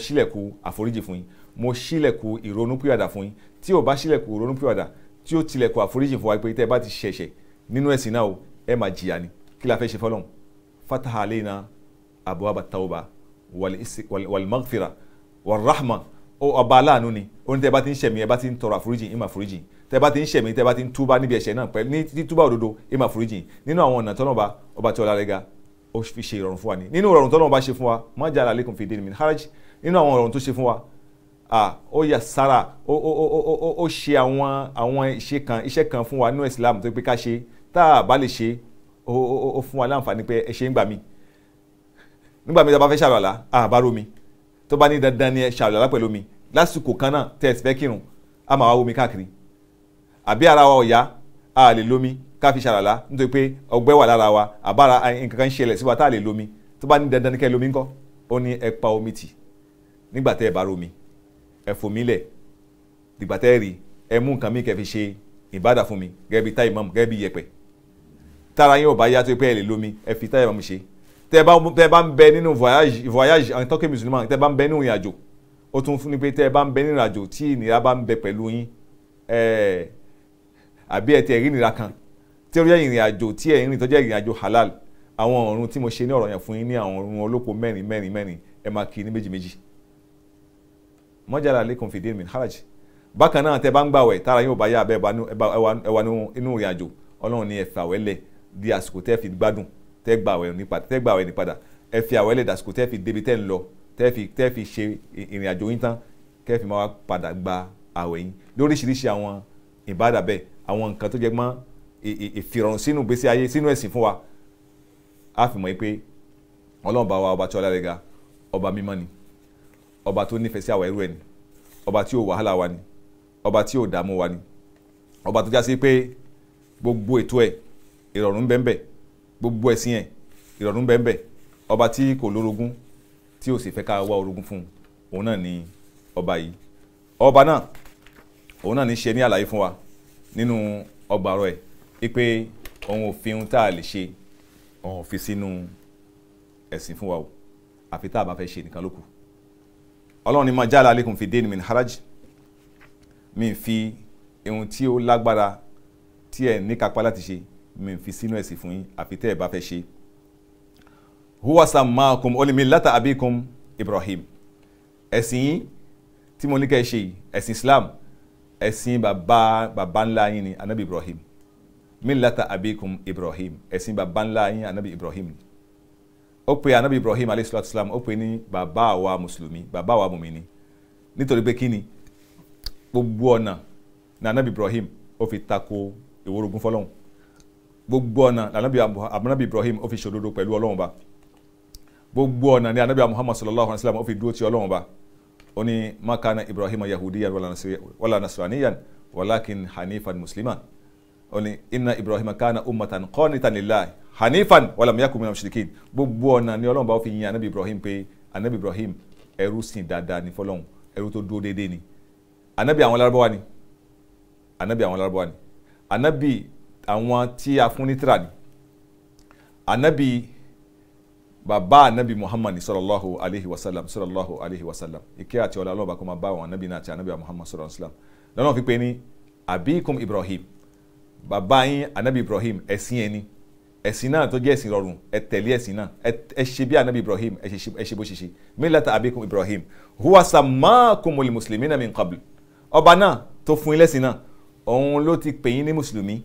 ṣílẹ̀kùn àforíjì fún yín mo ṣílẹ̀kùn ìrònúpìwàdà fún yín tí ò bá ṣílẹ̀kùn ìrònúpìwàdà tí ó tilẹ̀kùn àforíjì fún wa pé tẹ́ ẹ bá ti ṣẹ̀ṣẹ̀ nínú ẹ̀sìn náà ẹ máa jìyà ni kí la fẹ́ ṣe fọlọ́n fataha aleena abuaba tauba walmaghfira walrahma ọba aláàánú ni ó ní tẹ́ ẹ bá ti ń ṣẹ̀mí ẹ bá ti ń tọrọ àforíjì ìmọ̀ àforíjì tẹ́ bá ti ń ṣẹ̀mí tẹ́ bá ti ń túbá níbi ẹ̀ṣẹ̀ náà pẹ̀lú ní títúbá òdodo ẹ máa foríjìn nínú àwọn ọ̀nà tọ́nà ọba ọba tí ọlá rẹ̀ ga ó fi ṣe ìrọ̀rùn fún wa ni nínú ìrọ̀rùn tọ́nà ọba ṣe fún wa má jà àlàlẹ́ kò fi dé min haraj nínú àwọn ìrọ̀rùn tó ṣe fún wa ó yà sára ó ṣe àwọn iṣẹ́ kan iṣẹ́ kan fún wa nínú Islam tó pé ká ṣe tá a bá lè ṣe ó fún wa láǹfààní pé ẹ ṣe ń gbà mí nígbà mi tá a bá fẹ́ ṣàlùwàlá àbá romi tó bá ní dandan ni ẹ ṣàlùwàlá pẹ̀lú mi lásìkò kan náà tẹ́ ẹ fẹ́ kírun á máa wá wómi káàkiri àbí ara wa ọ̀yá a lè lómi ká fi ṣàràlá nítorí pé ọgbẹ́ wà lára wa àbára nǹkan kan ṣẹlẹ̀ sí wa tá a lè lómi tó bá ní dandan ní ká lómi ńkọ́ ó ní ẹ pa omi tì nígbà tẹ́ ẹ bá romi ẹ fomi lẹ̀ dìgbà tẹ́ ẹ rí ẹ mú nǹkan mi kẹ́ fi ṣe ìbádà fún mi gẹ́gẹ́ bí táyì mọ́mù gẹ́gẹ́ bí yẹ̀pẹ̀ tára yín ò bá yá tó pé ẹ lè lómi ẹ fi táyì mọ́mù ṣe tẹ́ ẹ bá ń bẹ nínú voyage voyage en tant que musulman tẹ́ ẹ bá ń bẹ nínú ìrìnàjò ó tún fún ni pé tẹ́ ẹ bá ń bẹ nínú ìrìnàjò tí ìnira bá ń bẹ pẹ̀lú yín ẹ̀ẹ́ àbí ẹ ti ẹ̀rí nira kan tí ó jẹ́ ìrìn àjò tí ẹ̀ ń tó jẹ́ ìrìn àjò halal àwọn ọ̀run tí mo ṣe ní ọ̀rọ̀ yẹn fún yín ní àwọn ọ̀run olóko mẹ́rin mẹ́rin mẹ́rin ẹ máa kí ní méjì méjì mọ́jàlá lẹ́kùn fìdí mi haraj bákan náà tẹ bá ń gbàwẹ̀ tára yóò bá yá abẹ́ ẹwà inú ìrìn àjò ọlọ́run ni ẹ fi àwẹ́lẹ̀ di àsìkò tẹ́ fi gbádùn tẹ́ gbàwẹ̀ ní padà ẹ fi àwẹ́lẹ̀ dàsìkò tẹ́ fi débi tẹ́ ń lọ tẹ́ fi tẹ́ fi ṣe ìrìn àjò yín tán kẹ́ fi máa padà gba àwẹ̀ yín lóríṣiríṣi àwọn ìbádà bẹ́ẹ̀ àwọn nǹkan tó jẹ mọ́ ìfìrọ̀rùn sínú gbèsè ayé sínú ẹ̀sìn fún wa á fi mọ̀ pé ọlọ́run bá wa ọba tí ọlá rẹ̀ ga ọba mímọ́ ni ọba tó nífẹ̀ẹ́ sí àwa ẹrú ẹ̀ ni ọba tí ò wàhálà wa ni ọba tí ò dààmú wa ni ọba tó já sí pé gbogbo ètò ẹ̀ ìrọ̀rùn bẹ́ẹ̀ gbogbo ẹ̀sìn ẹ̀ ìrọ̀rùn bẹ́ẹ̀ ọba tí kò lórogún tí ò sì fẹ́ ká wá orogún fún un òun náà ni ọba yìí ọba náà òun náà ní ṣe ní àlàyé fún wa nínú ọgbàrọ̀ ẹ̀ wípé òun ò fi ohun tá a lè ṣe òun ò fi sínú ẹ̀sìn fún wa o àfi tá a bá fẹ́ ṣe nìkan ló kù ọlọ́run ní ma jala aleikum fi dé ni min haraj mi fi ohun tí ó lágbára tí ẹ ní kápá láti ṣe mi fi sínú ẹ̀sìn fún yín àfi tẹ́ ẹ bá fẹ́ ṣe. huwa sammakum olimi lata abikum ibrahim ẹ̀sìn yín tí mo ní kẹ́ ẹ ṣe ẹ̀sìn islam ẹ̀sìn bàbá bàbá ńlá yín ni anabi ibrahim millata abikum ibrahim ẹ̀sìn bàbá ńlá yín anabi ibrahim ni ó pe anabi ibrahim alayhi salatu salam ó pe ní bàbá wa mùsùlùmí bàbá àwa mùmíní nítorí pé kí ni gbogbo ọ̀nà ní anabi ibrahim ó fi tako ìwórogún fọlọ́hún gbogbo ọ̀nà anabi ibrahim ó fi ṣòdodo pẹ̀lú ọlọ́run ba gbogbo ọ̀nà ní anabi muhammad sallallahu alayhi wa sallam ó fi dúró ti ọlọ́run ba ó ní makana ibrahim yahudiyan wala nasraniyan walakin hanifan musliman ó ní inna ibrahim kana ummatan qanitan lillahi hanifan wala miyakun minal mushrikin gbogbo ọ̀nà ni ọlọ́run bá fi yin anabi ibrahim pé anabi ibrahim ẹrú sìn dáadáa ní fọlọ́run ẹrú tó dúró déédéé ni anabi àwọn lárúbáwá ni anabi àwọn lárúbáwá ni anabi àwọn tí a fún ní tíra ni anabi bàbá anabi muhammad sallallahu alayhi wa sallam sallallahu alayhi wa sallam ìkẹ́ àti ọ̀la ọlọ́ọ̀bà kó máa bá àwọn anabi náà àti anabi muhammad sallallahu alayhi wa sallam lọ́nà fi pé ní abikum ibrahim bàbá yín anabi ibrahim ẹ̀sìn ẹni ẹ̀sìn náà tó jẹ́ ẹ̀sìn rọrùn ẹ tẹ̀lé ẹ̀sìn náà ẹ ṣe bí anabi ibrahim ẹ ṣe bó ṣe ṣe millata abikum ibrahim huwa sammakumul muslimina min qabl ọba náà tó fún yín lẹ́sìn náà òun ló ti pè yín ní mùsùlùmí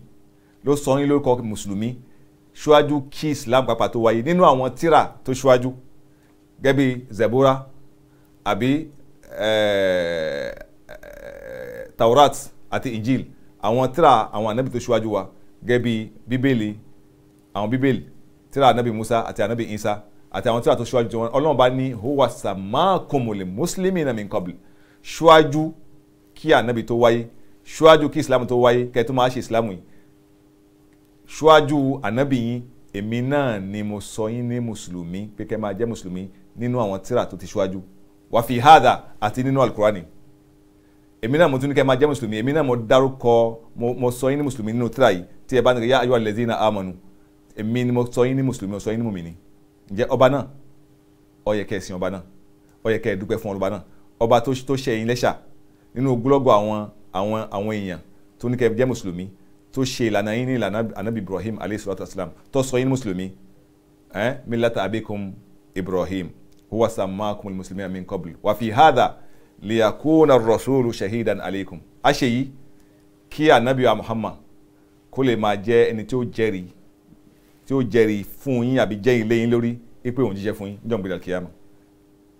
ló sọ yín lórúkọ mùsùlùmí ṣíwájú kí islam pàápàá tó wáyé nínú àwọn tíra tó ṣíwájú gẹ́gẹ́ zebura àbí eh, taurat àti injil àwọn tíra àwọn ànábì tó ṣíwájú wa gẹ́gẹ́ bí bíbélì àwọn bíbélì tíra ànábì musa àti ànábì isa àti àwọn tíra tó ṣíwájú tí wọn ọlọ́run bá ní huwa samakumuli muslimi na min qabl ṣíwájú kí ànábì tó wáyé ṣíwájú kí islam tó wáyé kẹ́ẹ̀ máa ṣe islam yìí ṣíwájú ànábì yín èmi náà ni mo sọ yín ní mùsùlùmí pé kẹ́ máa jẹ́ mùsùlùmí nínú àwọn tíra tó ti ṣíwájú wà fi hádà àti nínú alukurani èmi náà mo tún ní kẹ́ máa jẹ́ mùsùlùmí èmi náà mo dárúkọ mo sọ yín ní mùsùlùmí nínú tíra yìí tí ẹ bá nìkan yá ayọ̀ lẹ́sìn náà àmọ́nu èmi ni mo sọ yín ní mùsùlùmí mo sọ yín ní mùmìnì ǹjẹ́ ọba náà ó kẹ́ ẹ sìn ọba náà ó kẹ́ ẹ dúpẹ́ fún ọba náà ọba tó ṣe yín lẹ́ṣà nínú ogúnlọ́gọ̀ àwọn àwọn àwọn èèyàn tó ní kẹ́ jẹ́ mùsùlùmí tó ṣe ìlànà yín ní ìlànà anabi ibrahim alayhi salatu wasalam tó sọ yín mùsùlùmí ẹ milata abikum ibrahim huwa sammakum muslimina min qabl wa fi hadha liyakuna rasulu shahidan alaykum a ṣe yìí kí anabi wa muhammad kó lè máa jẹ ẹni tí ó jẹ́rìí tí ó jẹ́rìí fún yín àbí jẹ́ ilé yín lórí ipe òun jíjẹ fún yín jọ̀ǹgbìlà kìyàmà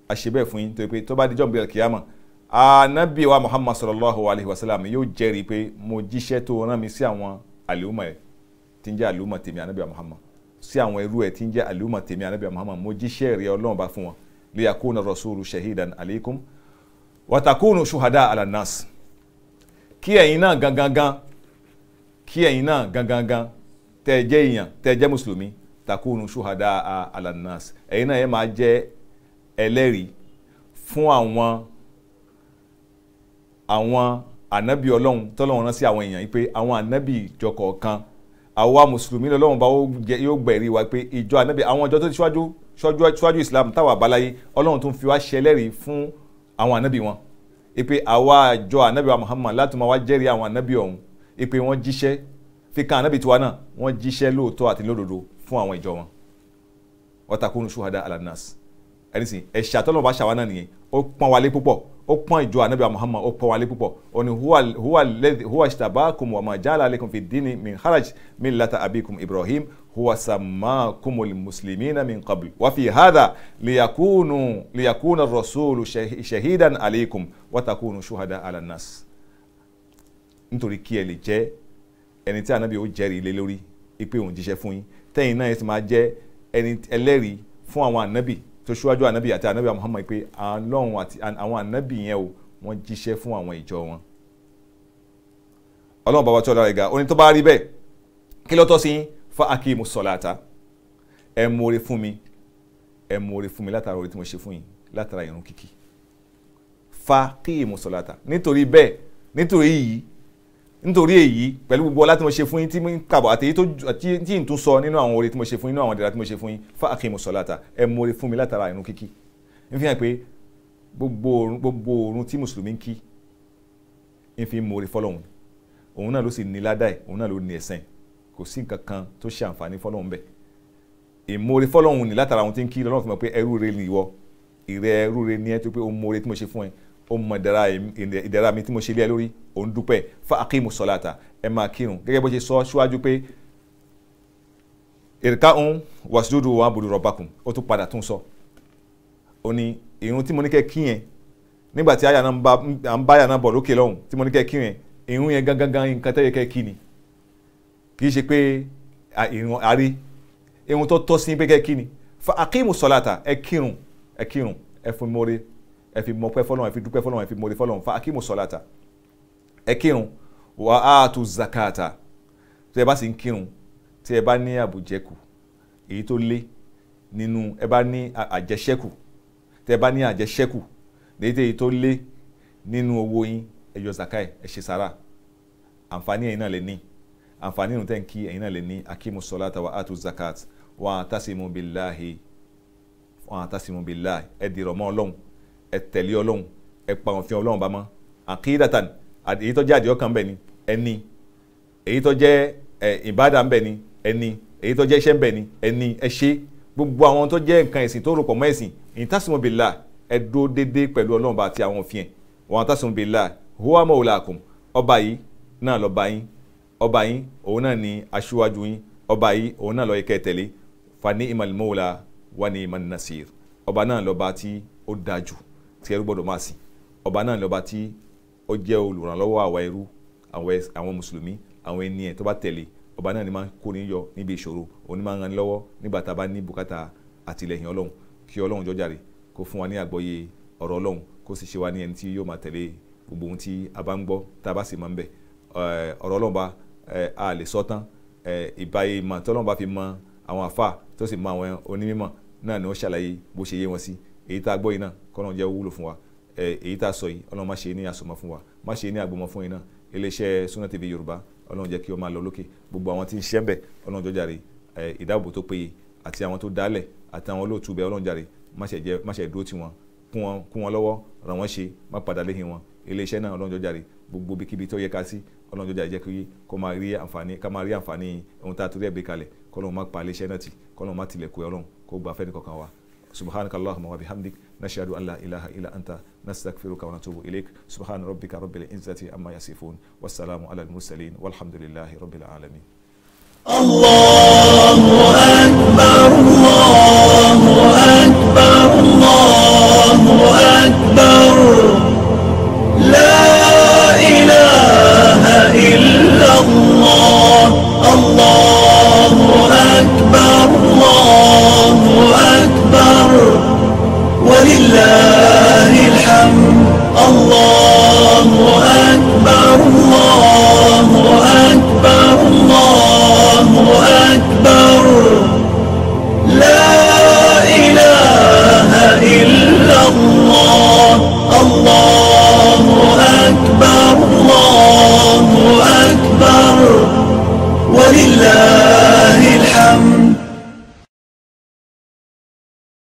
a ṣe bẹ́ẹ̀ fún yín tó pé tó bá di jọ̀ǹgbìlà kìyàmà anabi wa muhammad sallallahu alayhi wa sallam yóò jẹ́rìí pé mo jíṣẹ́ tó rán mi sí àwọn àlùmọ̀ ẹ̀ tí ń jẹ́ àlùmọ̀ tèmi anabi wa muhammad sí àwọn irú ẹ̀ tí ń jẹ́ àlùmọ̀ tèmi anabi wa muhammad mo jíṣẹ́ rẹ̀ ọlọ́run bá fún wọn liyakuna rasulu shahidan aleikum watakunu shuhada ala kí ẹ̀yin náà gangangan kí ẹ̀yin náà gangangan tẹ́ ẹ jẹ́ èèyàn tẹ́ ẹ jẹ́ mùsùlùmí takunu shuhada ala ẹ̀yin náà yẹ máa jẹ́ ẹlẹ́rìí fún àwọn àwọn ànábì ọlọ́run tọ́lọ́run rán sí àwọn èèyàn yìí pé àwọn ànábì ìjọ kọ̀ọ̀kan àwa mùsùlùmí lọ́lọ́run bá yóò gbẹ̀rí wa pé ìjọ ànábì àwọn ìjọ tó ti ṣáájú ṣáájú islam táwa àbáláyé ọlọ́run tó ń fi wá ṣẹlẹ́rìí fún àwọn ànábì wọn ìpè àwa ìjọ ànábì wa muhammad láti máa wá jẹ́rìí àwọn ànábì ọ̀hún ìpè wọ́n jíṣẹ́ fi kan ànábì tiwa náà wọ́n jíṣẹ́ lóòótọ́ àti lódodo fún àwọn ìjọ wọn wọ́n takùn ṣùhàdà alanas ẹ̀rísìn ẹ̀ṣà tọ́lọ́run bá ṣàwa náà nìyẹn ó pọ́n wa púpọ̀ ó pọ́n ìjọ anabi muhammad ó pọ́n wálé púpọ̀ ó ní huwa ishtabakum wa ma jala alaykum fi dini min haraj millata abikum ibrahim huwa sammakum almuslimina min qabl wa fi hadha liyakunu liyakuna rasulu shahidan alaykum wa shuhada ala nítorí kí ẹ lè jẹ́ ẹni tí anabi ó jẹ́rìí lé lórí ipe òun jíṣẹ́ fún yín tẹ́yìn náà ẹ sì máa jẹ́ ẹni ẹlẹ́rìí fún àwọn anabi tó ṣíwájú ànábì àti ànábì Muhammad pé Ọlọ́run àti àwọn ànábì yẹn o wọ́n jíṣẹ́ fún àwọn ìjọ wọn. Ọlọ́run bàbá tí ọlọ́run ẹ̀ga ó ní tó bá rí bẹ́ẹ̀ kí ló tọ́ sí yín fa akíyèmú sọ̀láta ẹ mú fún mi ẹ mú fún mi látara oore tí mo ṣe fún yín látara ìrun kíkí fa akíyèmú sọ̀láta nítorí bẹ́ẹ̀ nítorí yìí nítorí èyí pẹ̀lú gbogbo ọlá tí mo ṣe fún yín tí mo ń kàbọ̀ àtẹ̀yí tí n tún sọ nínú àwọn oore tí mo ṣe fún yín nínú àwọn ìdára tí mo ṣe fún yín fa aqimu salata ẹ mọ oore fún mi látara ìrun kíkí n fi hàn pé gbogbo oorun tí mùsùlùmí ń kí n fi mọ oore fọlọ́hún òun náà ló sì ní ládàá ẹ̀ òun náà ló ní ẹ̀sẹ̀ kò sí nǹkan kan tó ṣe àǹfààní fọlọ́hún bẹ́ẹ̀ ìmoore oore tí ó mọ ìdára mi tí mo ṣe lé ẹ lórí òun dúpẹ́ fa akímu sọláta ẹ máa kírun gẹ́gẹ́ bó ṣe sọ síwájú pé èrìkà òun wàsídùdù wà bùdù rọ̀bàkùn ó tún padà tún sọ ó ní irun tí mo ní kẹ́ kí yẹn nígbà tí àyà náà ń bá àyà náà bọ̀ lókè lọ́hùn tí mo ní kẹ́ kí yẹn irun yẹn gangan gan nǹkan tẹ́yẹ kẹ́ kí ni kì í ṣe pé irun àárí irun tó tọ́ sí pé kẹ́ kí ni fa akímu sọláta ẹ kírun ẹ kírun ẹ fún mi mọ́re ẹ fi mọpẹ́ fọ́lọ́run ẹ fi dúpẹ́ fọ́lọ́run ẹ fa akimu sọláta ẹ kírun wà á tu zakata tí ẹ bá sì ń kírun tí ẹ bá ní àbùjẹkù èyí tó lé nínú ẹ bá ní àjẹṣẹ́kù tí ẹ bá ní àjẹṣẹ́kù èyí tó lé nínú owó yín ẹ yọ zakai ẹ ṣe sàrà àǹfààní ẹ̀yin náà lè ní àǹfààní ìrun ń kí ẹ̀yin náà lè ní akímù sọláta wà á tu zakat wà á tásìmù bíláhi wà á tásìmù bíláhi ẹ dìrọ̀ mọ́ ọlọ́run ẹ tẹ̀lé ọlọ́run ẹ pa òfin ọlọ́run bá mọ́ àkídàtàn èyí tó jẹ́ àdìọ́kàn bẹ̀ ni ẹni èyí tó jẹ́ ìbádà ń bẹ̀ ni ẹni èyí tó jẹ́ iṣẹ́ ń bẹ̀ ni ẹni ẹ ṣe gbogbo àwọn tó jẹ́ nǹkan ẹ̀sìn tó rò pọ̀ mọ́ ẹ̀sìn ìtàsímọ̀ bìlà ẹ dúró dédé pẹ̀lú ọlọ́run bá àti àwọn òfin ẹ̀ wọn àtàsímọ̀ bìlà huwa mawlakum ọba yìí náà lọ́ba yín ọba yín fani imal mawla wani imal nasir ọba náà lọ́ba tí ó dáa jù tí ẹrú gbọ́dọ̀ máa sìn ọba náà ni ọba tí ó jẹ́ olùrànlọ́wọ́ àwa ẹrú àwọn mùsùlùmí àwọn ẹni ẹ̀ tó bá tẹ̀lé ọba náà ni máa ń kó ní yọ níbi ìṣòro òun ni máa ń ran ni lọ́wọ́ nígbà tá a bá ní bùkátà àtìlẹ́yìn ọlọ́run kí ọlọ́run jọ jàre kó fún wa ní àgbọ́yé ọ̀rọ̀ ọlọ́run kó sì ṣe wa ní ẹni tí yóò máa tẹ̀lé gbogbo ohun tí a bá ń gbọ́ tá a bá sì máa ń bẹ̀ ọ̀rọ̀ ọlọ́run bá a sọ tán ìbáyé èyí tá a gbọ́ yìí náà kọ́nà jẹ́ wúlò fún wa èyí tá a sọ yìí ọlọ́run má ṣe ní àsomọ́ fún wa má ṣe ní àgbọmọ́ fún yìí náà iléeṣẹ́ Sunna TV Yorùbá ọlọ́run jẹ́ kí ó máa lọ lókè gbogbo àwọn tí ń ṣẹ́ ń bẹ̀ ọlọ́run jọ̀ọ́ jàre ìdáàbò tó péye àti àwọn tó dálẹ̀ àti àwọn olóòtú bẹ̀ ọlọ́run jàre má ṣe dúró tì wọ́n kún wọn kún wọn lọ́wọ́ ràn wọ́n ṣe má padà léyìn wọn iléeṣẹ́ náà ọlọ́run jọ̀ọ́ jàre gbogbo bíkíbi tó yẹ ká sí ọlọ́run jọ̀ọ́ jàre jẹ́ kí kó máa rí àǹfààní ká máa rí àǹfààní ohun tá a torí ẹ̀ gbé kalẹ̀ kọ́lọ́run má pa iléeṣẹ́ náà tì kọ́lọ́run má tilẹ̀ kó ọlọ́run kó gbà fẹ́ni kankan wa سبحانك اللهم وبحمدك نشهد أن لا إله إلا أنت نستغفرك ونتوب إليك سبحان ربك رب العزة أما يصفون والسلام على المرسلين والحمد لله رب العالمين الله Oh,